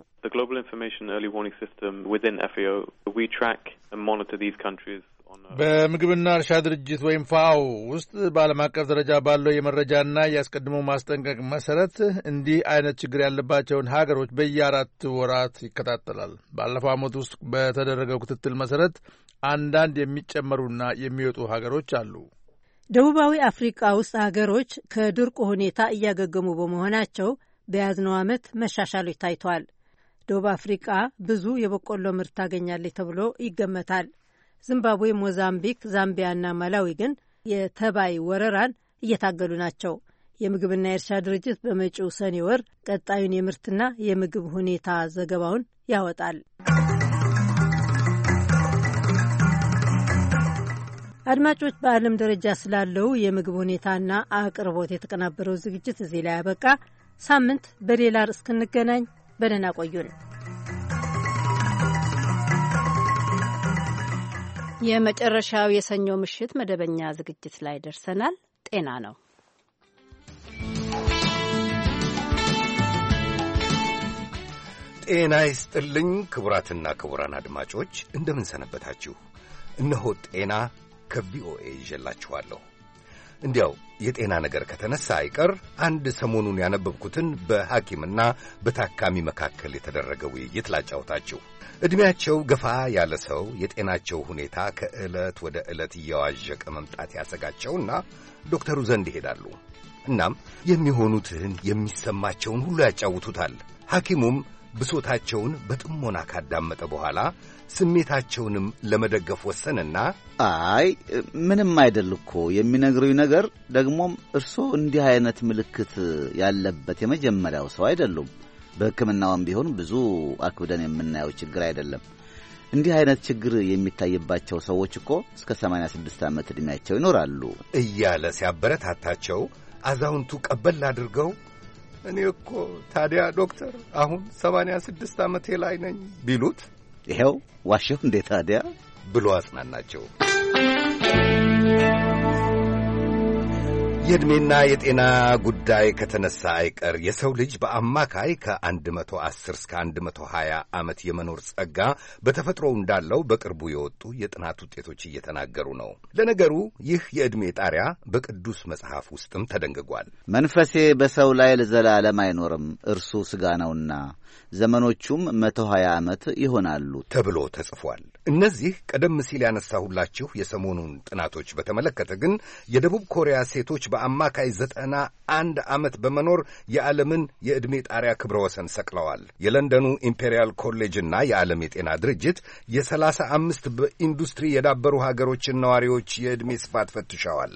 በምግብና እርሻ ድርጅት ወይም ፋኦ ውስጥ በዓለም አቀፍ ደረጃ ባለው የመረጃና የአስቀድሞ ማስጠንቀቅ መሰረት እንዲህ አይነት ችግር ያለባቸውን ሀገሮች በየአራት ወራት ይከታተላል። ባለፈው ዓመት ውስጥ በተደረገው ክትትል መሰረት አንዳንድ የሚጨመሩና የሚወጡ ሀገሮች አሉ። ደቡባዊ አፍሪቃ ውስጥ ሀገሮች ከድርቁ ሁኔታ እያገገሙ በመሆናቸው በያዝነው ዓመት መሻሻሎች ታይተዋል። ደቡብ አፍሪቃ ብዙ የበቆሎ ምርት ታገኛለች ተብሎ ይገመታል። ዚምባብዌ፣ ሞዛምቢክ፣ ዛምቢያና ማላዊ ግን የተባይ ወረራን እየታገሉ ናቸው። የምግብና የእርሻ ድርጅት በመጪው ሰኔ ወር ቀጣዩን የምርትና የምግብ ሁኔታ ዘገባውን ያወጣል። አድማጮች፣ በዓለም ደረጃ ስላለው የምግብ ሁኔታና አቅርቦት የተቀናበረው ዝግጅት እዚህ ላይ ያበቃ። ሳምንት በሌላ ርዕስ እስክንገናኝ በደህና ቆዩን። የመጨረሻው የሰኞ ምሽት መደበኛ ዝግጅት ላይ ደርሰናል። ጤና ነው። ጤና ይስጥልኝ ክቡራትና ክቡራን አድማጮች እንደምን ሰነበታችሁ? እነሆ ጤና ከቪኦኤ ይዤላችኋለሁ። እንዲያው የጤና ነገር ከተነሳ አይቀር አንድ ሰሞኑን ያነበብኩትን በሐኪምና በታካሚ መካከል የተደረገ ውይይት ላጫውታችሁ። ዕድሜያቸው ገፋ ያለ ሰው የጤናቸው ሁኔታ ከዕለት ወደ ዕለት እየዋዠቀ መምጣት ያሰጋቸውና ዶክተሩ ዘንድ ይሄዳሉ። እናም የሚሆኑትን የሚሰማቸውን ሁሉ ያጫውቱታል። ሐኪሙም ብሶታቸውን በጥሞና ካዳመጠ በኋላ ስሜታቸውንም ለመደገፍ ወሰንና አይ ምንም አይደል እኮ የሚነግሩኝ ነገር ደግሞም እርስዎ እንዲህ አይነት ምልክት ያለበት የመጀመሪያው ሰው አይደሉም በሕክምናውም ቢሆን ብዙ አክብደን የምናየው ችግር አይደለም። እንዲህ አይነት ችግር የሚታይባቸው ሰዎች እኮ እስከ 86 ዓመት ዕድሜያቸው ይኖራሉ እያለ ሲያበረታታቸው አዛውንቱ ቀበል አድርገው እኔ እኮ ታዲያ ዶክተር አሁን 86 ዓመቴ ላይ ነኝ ቢሉት ይኸው ዋሸሁ እንዴ ታዲያ ብሎ አጽናናቸው። የዕድሜና የጤና ጉዳይ ከተነሳ አይቀር የሰው ልጅ በአማካይ ከ110 እስከ 120 ዓመት የመኖር ጸጋ በተፈጥሮው እንዳለው በቅርቡ የወጡ የጥናት ውጤቶች እየተናገሩ ነው። ለነገሩ ይህ የዕድሜ ጣሪያ በቅዱስ መጽሐፍ ውስጥም ተደንግጓል። መንፈሴ በሰው ላይ ለዘላለም አይኖርም፣ እርሱ ሥጋ ነውና ዘመኖቹም መቶ ሀያ ዓመት ይሆናሉ ተብሎ ተጽፏል። እነዚህ ቀደም ሲል ያነሳሁላችሁ የሰሞኑን ጥናቶች በተመለከተ ግን የደቡብ ኮሪያ ሴቶች በአማካይ ዘጠና አንድ ዓመት በመኖር የዓለምን የዕድሜ ጣሪያ ክብረ ወሰን ሰቅለዋል። የለንደኑ ኢምፔሪያል ኮሌጅና የዓለም የጤና ድርጅት የሰላሳ አምስት በኢንዱስትሪ የዳበሩ ሀገሮችን ነዋሪዎች የዕድሜ ስፋት ፈትሸዋል።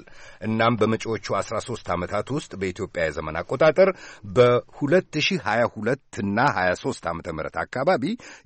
እናም በመጪዎቹ 13 ዓመታት ውስጥ በኢትዮጵያ የዘመን አቆጣጠር በ2022 እና 2023 ዓ ም አካባቢ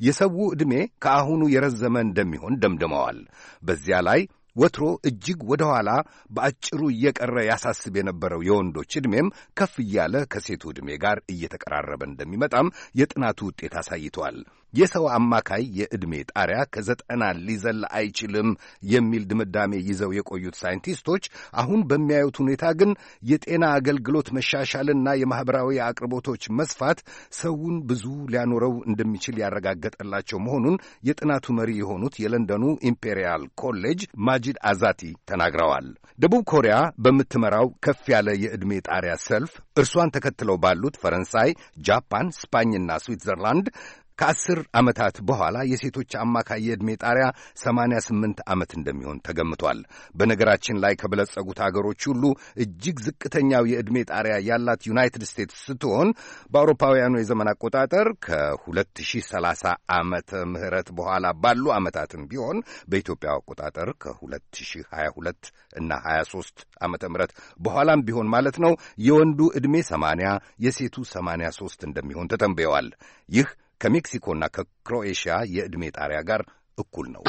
የሰው ዕድሜ ከአሁኑ የረዘመ እንደሚሆን ደምድመዋል። በዚያ ላይ ወትሮ እጅግ ወደ ኋላ በአጭሩ እየቀረ ያሳስብ የነበረው የወንዶች ዕድሜም ከፍ እያለ ከሴቱ ዕድሜ ጋር እየተቀራረበ እንደሚመጣም የጥናቱ ውጤት አሳይቷል። የሰው አማካይ የዕድሜ ጣሪያ ከዘጠና ሊዘል አይችልም የሚል ድምዳሜ ይዘው የቆዩት ሳይንቲስቶች አሁን በሚያዩት ሁኔታ ግን የጤና አገልግሎት መሻሻልና የማኅበራዊ አቅርቦቶች መስፋት ሰውን ብዙ ሊያኖረው እንደሚችል ያረጋገጠላቸው መሆኑን የጥናቱ መሪ የሆኑት የለንደኑ ኢምፔሪያል ኮሌጅ ማጂድ አዛቲ ተናግረዋል። ደቡብ ኮሪያ በምትመራው ከፍ ያለ የዕድሜ ጣሪያ ሰልፍ እርሷን ተከትለው ባሉት ፈረንሳይ፣ ጃፓን፣ ስፓኝና ስዊትዘርላንድ ከአስር ዓመታት በኋላ የሴቶች አማካይ የዕድሜ ጣሪያ 88 ዓመት እንደሚሆን ተገምቷል። በነገራችን ላይ ከበለጸጉት አገሮች ሁሉ እጅግ ዝቅተኛው የዕድሜ ጣሪያ ያላት ዩናይትድ ስቴትስ ስትሆን በአውሮፓውያኑ የዘመን አቆጣጠር ከ2030 ዓመተ ምህረት በኋላ ባሉ ዓመታትም ቢሆን በኢትዮጵያ አቆጣጠር ከ2022 እና 23 ዓመተ ምህረት በኋላም ቢሆን ማለት ነው የወንዱ ዕድሜ 80 የሴቱ 83 እንደሚሆን ተተንብየዋል። ይህ ከሜክሲኮና ከክሮኤሽያ የዕድሜ ጣሪያ ጋር እኩል ነው።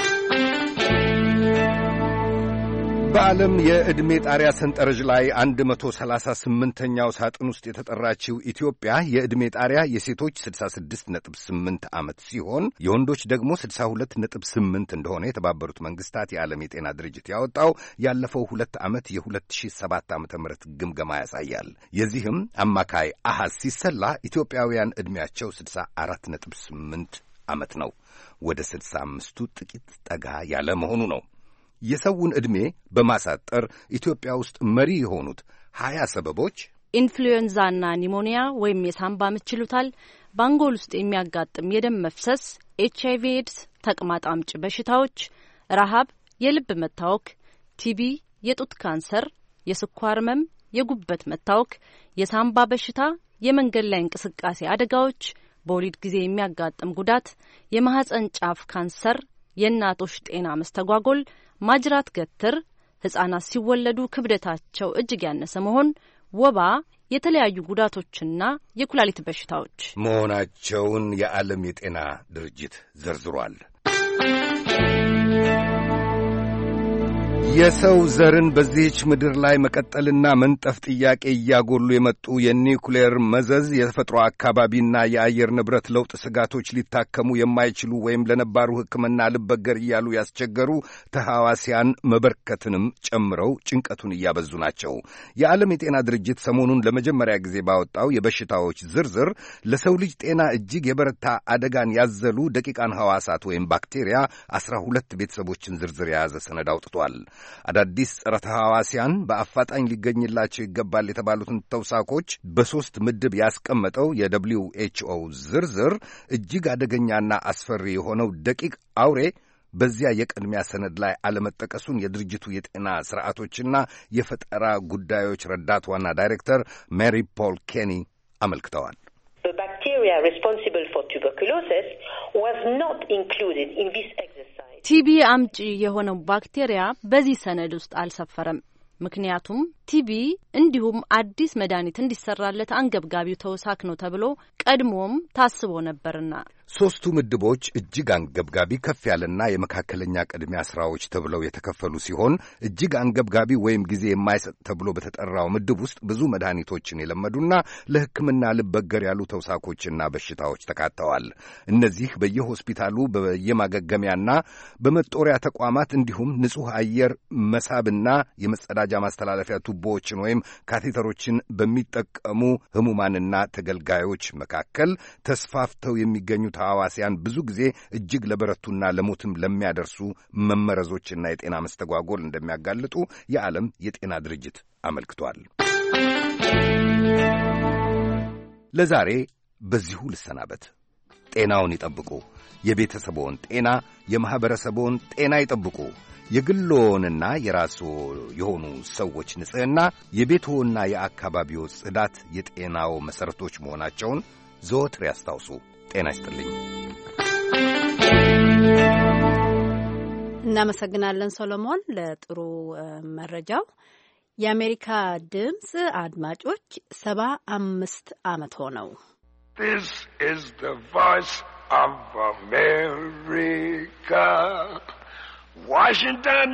በዓለም የዕድሜ ጣሪያ ሰንጠረዥ ላይ 138ኛው ሳጥን ውስጥ የተጠራችው ኢትዮጵያ የዕድሜ ጣሪያ የሴቶች 66.8 ዓመት ሲሆን የወንዶች ደግሞ 62.8 እንደሆነ የተባበሩት መንግስታት የዓለም የጤና ድርጅት ያወጣው ያለፈው ሁለት ዓመት የ2007 ዓ ም ግምገማ ያሳያል። የዚህም አማካይ አሃዝ ሲሰላ ኢትዮጵያውያን ዕድሜያቸው 64.8 ዓመት ነው። ወደ 65ቱ ጥቂት ጠጋ ያለ መሆኑ ነው። የሰውን ዕድሜ በማሳጠር ኢትዮጵያ ውስጥ መሪ የሆኑት ሀያ ሰበቦች ኢንፍሉዌንዛና ኒሞኒያ ወይም የሳምባ ምች ይሉታል፣ በአንጎል ውስጥ የሚያጋጥም የደም መፍሰስ፣ ኤች አይቪ ኤድስ፣ ተቅማጥ አምጪ በሽታዎች፣ ረሃብ፣ የልብ መታወክ፣ ቲቢ፣ የጡት ካንሰር፣ የስኳር ህመም፣ የጉበት መታወክ፣ የሳምባ በሽታ፣ የመንገድ ላይ እንቅስቃሴ አደጋዎች፣ በወሊድ ጊዜ የሚያጋጥም ጉዳት፣ የማህፀን ጫፍ ካንሰር፣ የእናቶች ጤና መስተጓጎል፣ ማጅራት ገትር፣ ሕፃናት ሲወለዱ ክብደታቸው እጅግ ያነሰ መሆን፣ ወባ፣ የተለያዩ ጉዳቶችና የኩላሊት በሽታዎች መሆናቸውን የዓለም የጤና ድርጅት ዘርዝሯል። የሰው ዘርን በዚህች ምድር ላይ መቀጠልና መንጠፍ ጥያቄ እያጎሉ የመጡ የኒውክሌር መዘዝ፣ የተፈጥሮ አካባቢና የአየር ንብረት ለውጥ ስጋቶች ሊታከሙ የማይችሉ ወይም ለነባሩ ሕክምና ልበገር እያሉ ያስቸገሩ ተሐዋሲያን መበርከትንም ጨምረው ጭንቀቱን እያበዙ ናቸው። የዓለም የጤና ድርጅት ሰሞኑን ለመጀመሪያ ጊዜ ባወጣው የበሽታዎች ዝርዝር ለሰው ልጅ ጤና እጅግ የበረታ አደጋን ያዘሉ ደቂቃን ሐዋሳት ወይም ባክቴሪያ አስራ ሁለት ቤተሰቦችን ዝርዝር የያዘ ሰነድ አውጥቷል። አዳዲስ ጸረ ተሐዋስያን በአፋጣኝ ሊገኝላቸው ይገባል የተባሉትን ተውሳኮች በሦስት ምድብ ያስቀመጠው የደብሊው ኤችኦ ዝርዝር እጅግ አደገኛና አስፈሪ የሆነው ደቂቅ አውሬ በዚያ የቅድሚያ ሰነድ ላይ አለመጠቀሱን የድርጅቱ የጤና ስርዓቶችና የፈጠራ ጉዳዮች ረዳት ዋና ዳይሬክተር ሜሪ ፖል ኬኒ አመልክተዋል። bacteria responsible for tuberculosis was not included in this exercise. ቲቢ አምጪ የሆነው ባክቴሪያ በዚህ ሰነድ ውስጥ አልሰፈረም። ምክንያቱም ቲቢ እንዲሁም አዲስ መድኃኒት እንዲሰራለት አንገብጋቢው ተውሳክ ነው ተብሎ ቀድሞም ታስቦ ነበርና ሦስቱ ምድቦች እጅግ አንገብጋቢ ከፍ ያለና የመካከለኛ ቅድሚያ ሥራዎች ተብለው የተከፈሉ ሲሆን እጅግ አንገብጋቢ ወይም ጊዜ የማይሰጥ ተብሎ በተጠራው ምድብ ውስጥ ብዙ መድኃኒቶችን የለመዱና ለሕክምና ልበገር ያሉ ተውሳኮችና በሽታዎች ተካተዋል። እነዚህ በየሆስፒታሉ በየማገገሚያና በመጦሪያ ተቋማት እንዲሁም ንጹሕ አየር መሳብና የመጸዳጃ ማስተላለፊያ ቱቦዎችን ወይም ካቴተሮችን በሚጠቀሙ ሕሙማንና ተገልጋዮች መካከል ተስፋፍተው የሚገኙት ተሕዋስያን ብዙ ጊዜ እጅግ ለበረቱና ለሞትም ለሚያደርሱ መመረዞችና የጤና መስተጓጎል እንደሚያጋልጡ የዓለም የጤና ድርጅት አመልክቷል። ለዛሬ በዚሁ ልሰናበት። ጤናውን ይጠብቁ። የቤተሰቦን ጤና፣ የማኅበረሰቦን ጤና ይጠብቁ። የግሎንና የራስዎ የሆኑ ሰዎች ንጽሕና፣ የቤትዎና የአካባቢዎ ጽዳት የጤናው መሠረቶች መሆናቸውን ዘወትር ያስታውሱ። ጤና ይስጥልኝ። እናመሰግናለን ሶሎሞን ለጥሩ መረጃው። የአሜሪካ ድምፅ አድማጮች ሰባ አምስት ዓመት ሆነው። This is the voice of America. Washington,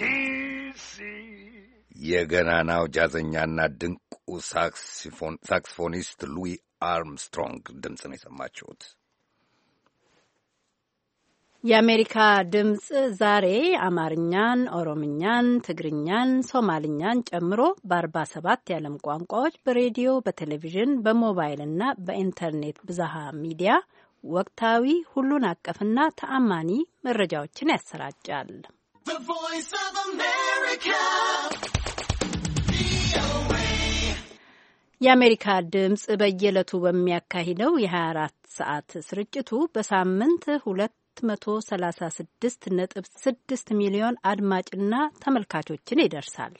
DC. የገናናው ጃዘኛና ድንቁ ሳክስፎኒስት ሉዊ አርምስትሮንግ ድምፅ ነው የሰማችሁት። የአሜሪካ ድምፅ ዛሬ አማርኛን፣ ኦሮምኛን፣ ትግርኛን፣ ሶማልኛን ጨምሮ በ ሰባት የዓለም ቋንቋዎች በሬዲዮ፣ በቴሌቪዥን፣ በሞባይል እና በኢንተርኔት ብዝሃ ሚዲያ ወቅታዊ ሁሉን አቀፍና ተአማኒ መረጃዎችን ያሰራጫል። የአሜሪካ ድምፅ በየዕለቱ በሚያካሂደው የ24 ሰዓት ስርጭቱ በሳምንት 236.6 ሚሊዮን አድማጭና ተመልካቾችን ይደርሳል።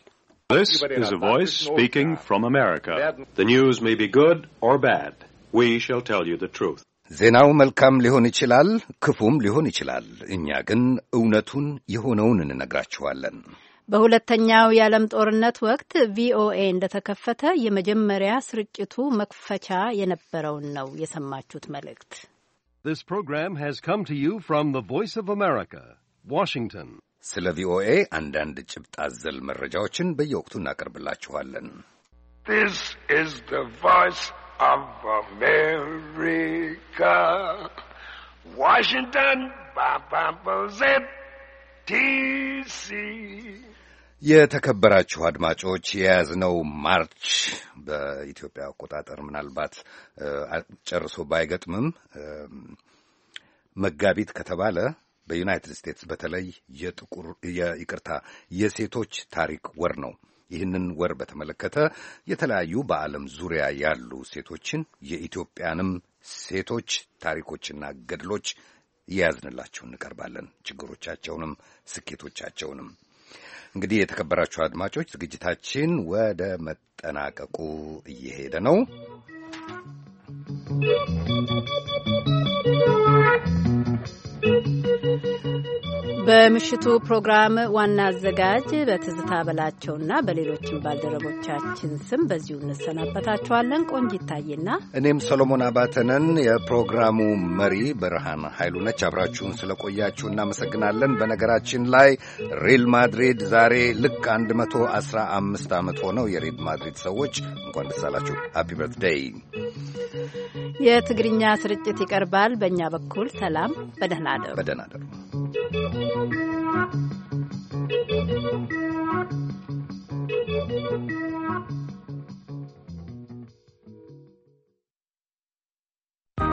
This is a voice speaking from America. The news may be good or bad. We shall tell you the truth. ዜናው መልካም ሊሆን ይችላል፣ ክፉም ሊሆን ይችላል። እኛ ግን እውነቱን የሆነውን እንነግራችኋለን። በሁለተኛው የዓለም ጦርነት ወቅት ቪኦኤ እንደተከፈተ የመጀመሪያ ስርጭቱ መክፈቻ የነበረውን ነው የሰማችሁት መልእክት። This program has come to you from the Voice of America, Washington. ስለ ቪኦኤ አንዳንድ ጭብጥ አዘል መረጃዎችን በየወቅቱ እናቀርብላችኋለን። This is the voice of America, Washington, ba ba ba zip, DC. የተከበራችሁ አድማጮች የያዝነው ማርች በኢትዮጵያ አቆጣጠር ምናልባት ጨርሶ ባይገጥምም መጋቢት ከተባለ በዩናይትድ ስቴትስ በተለይ የጥቁር ይቅርታ የሴቶች ታሪክ ወር ነው። ይህንን ወር በተመለከተ የተለያዩ በዓለም ዙሪያ ያሉ ሴቶችን የኢትዮጵያንም ሴቶች ታሪኮችና ገድሎች እየያዝንላችሁ እንቀርባለን። ችግሮቻቸውንም ስኬቶቻቸውንም እንግዲህ የተከበራችሁ አድማጮች ዝግጅታችን ወደ መጠናቀቁ እየሄደ ነው። በምሽቱ ፕሮግራም ዋና አዘጋጅ በትዝታ በላቸውና በሌሎችም ባልደረቦቻችን ስም በዚሁ እንሰናበታችኋለን። ቆንጅ ይታይና እኔም ሰሎሞን አባተነን። የፕሮግራሙ መሪ ብርሃን ኃይሉ ነች። አብራችሁን ስለቆያችሁ እናመሰግናለን። በነገራችን ላይ ሪል ማድሪድ ዛሬ ልክ 115 ዓመት ሆነው የሪል ማድሪድ ሰዎች እንኳን ደስ አላችሁ። በርትደይ። የትግርኛ ስርጭት ይቀርባል። በእኛ በኩል ሰላም፣ በደህና አደሩ። Thank you. Mm-hmm.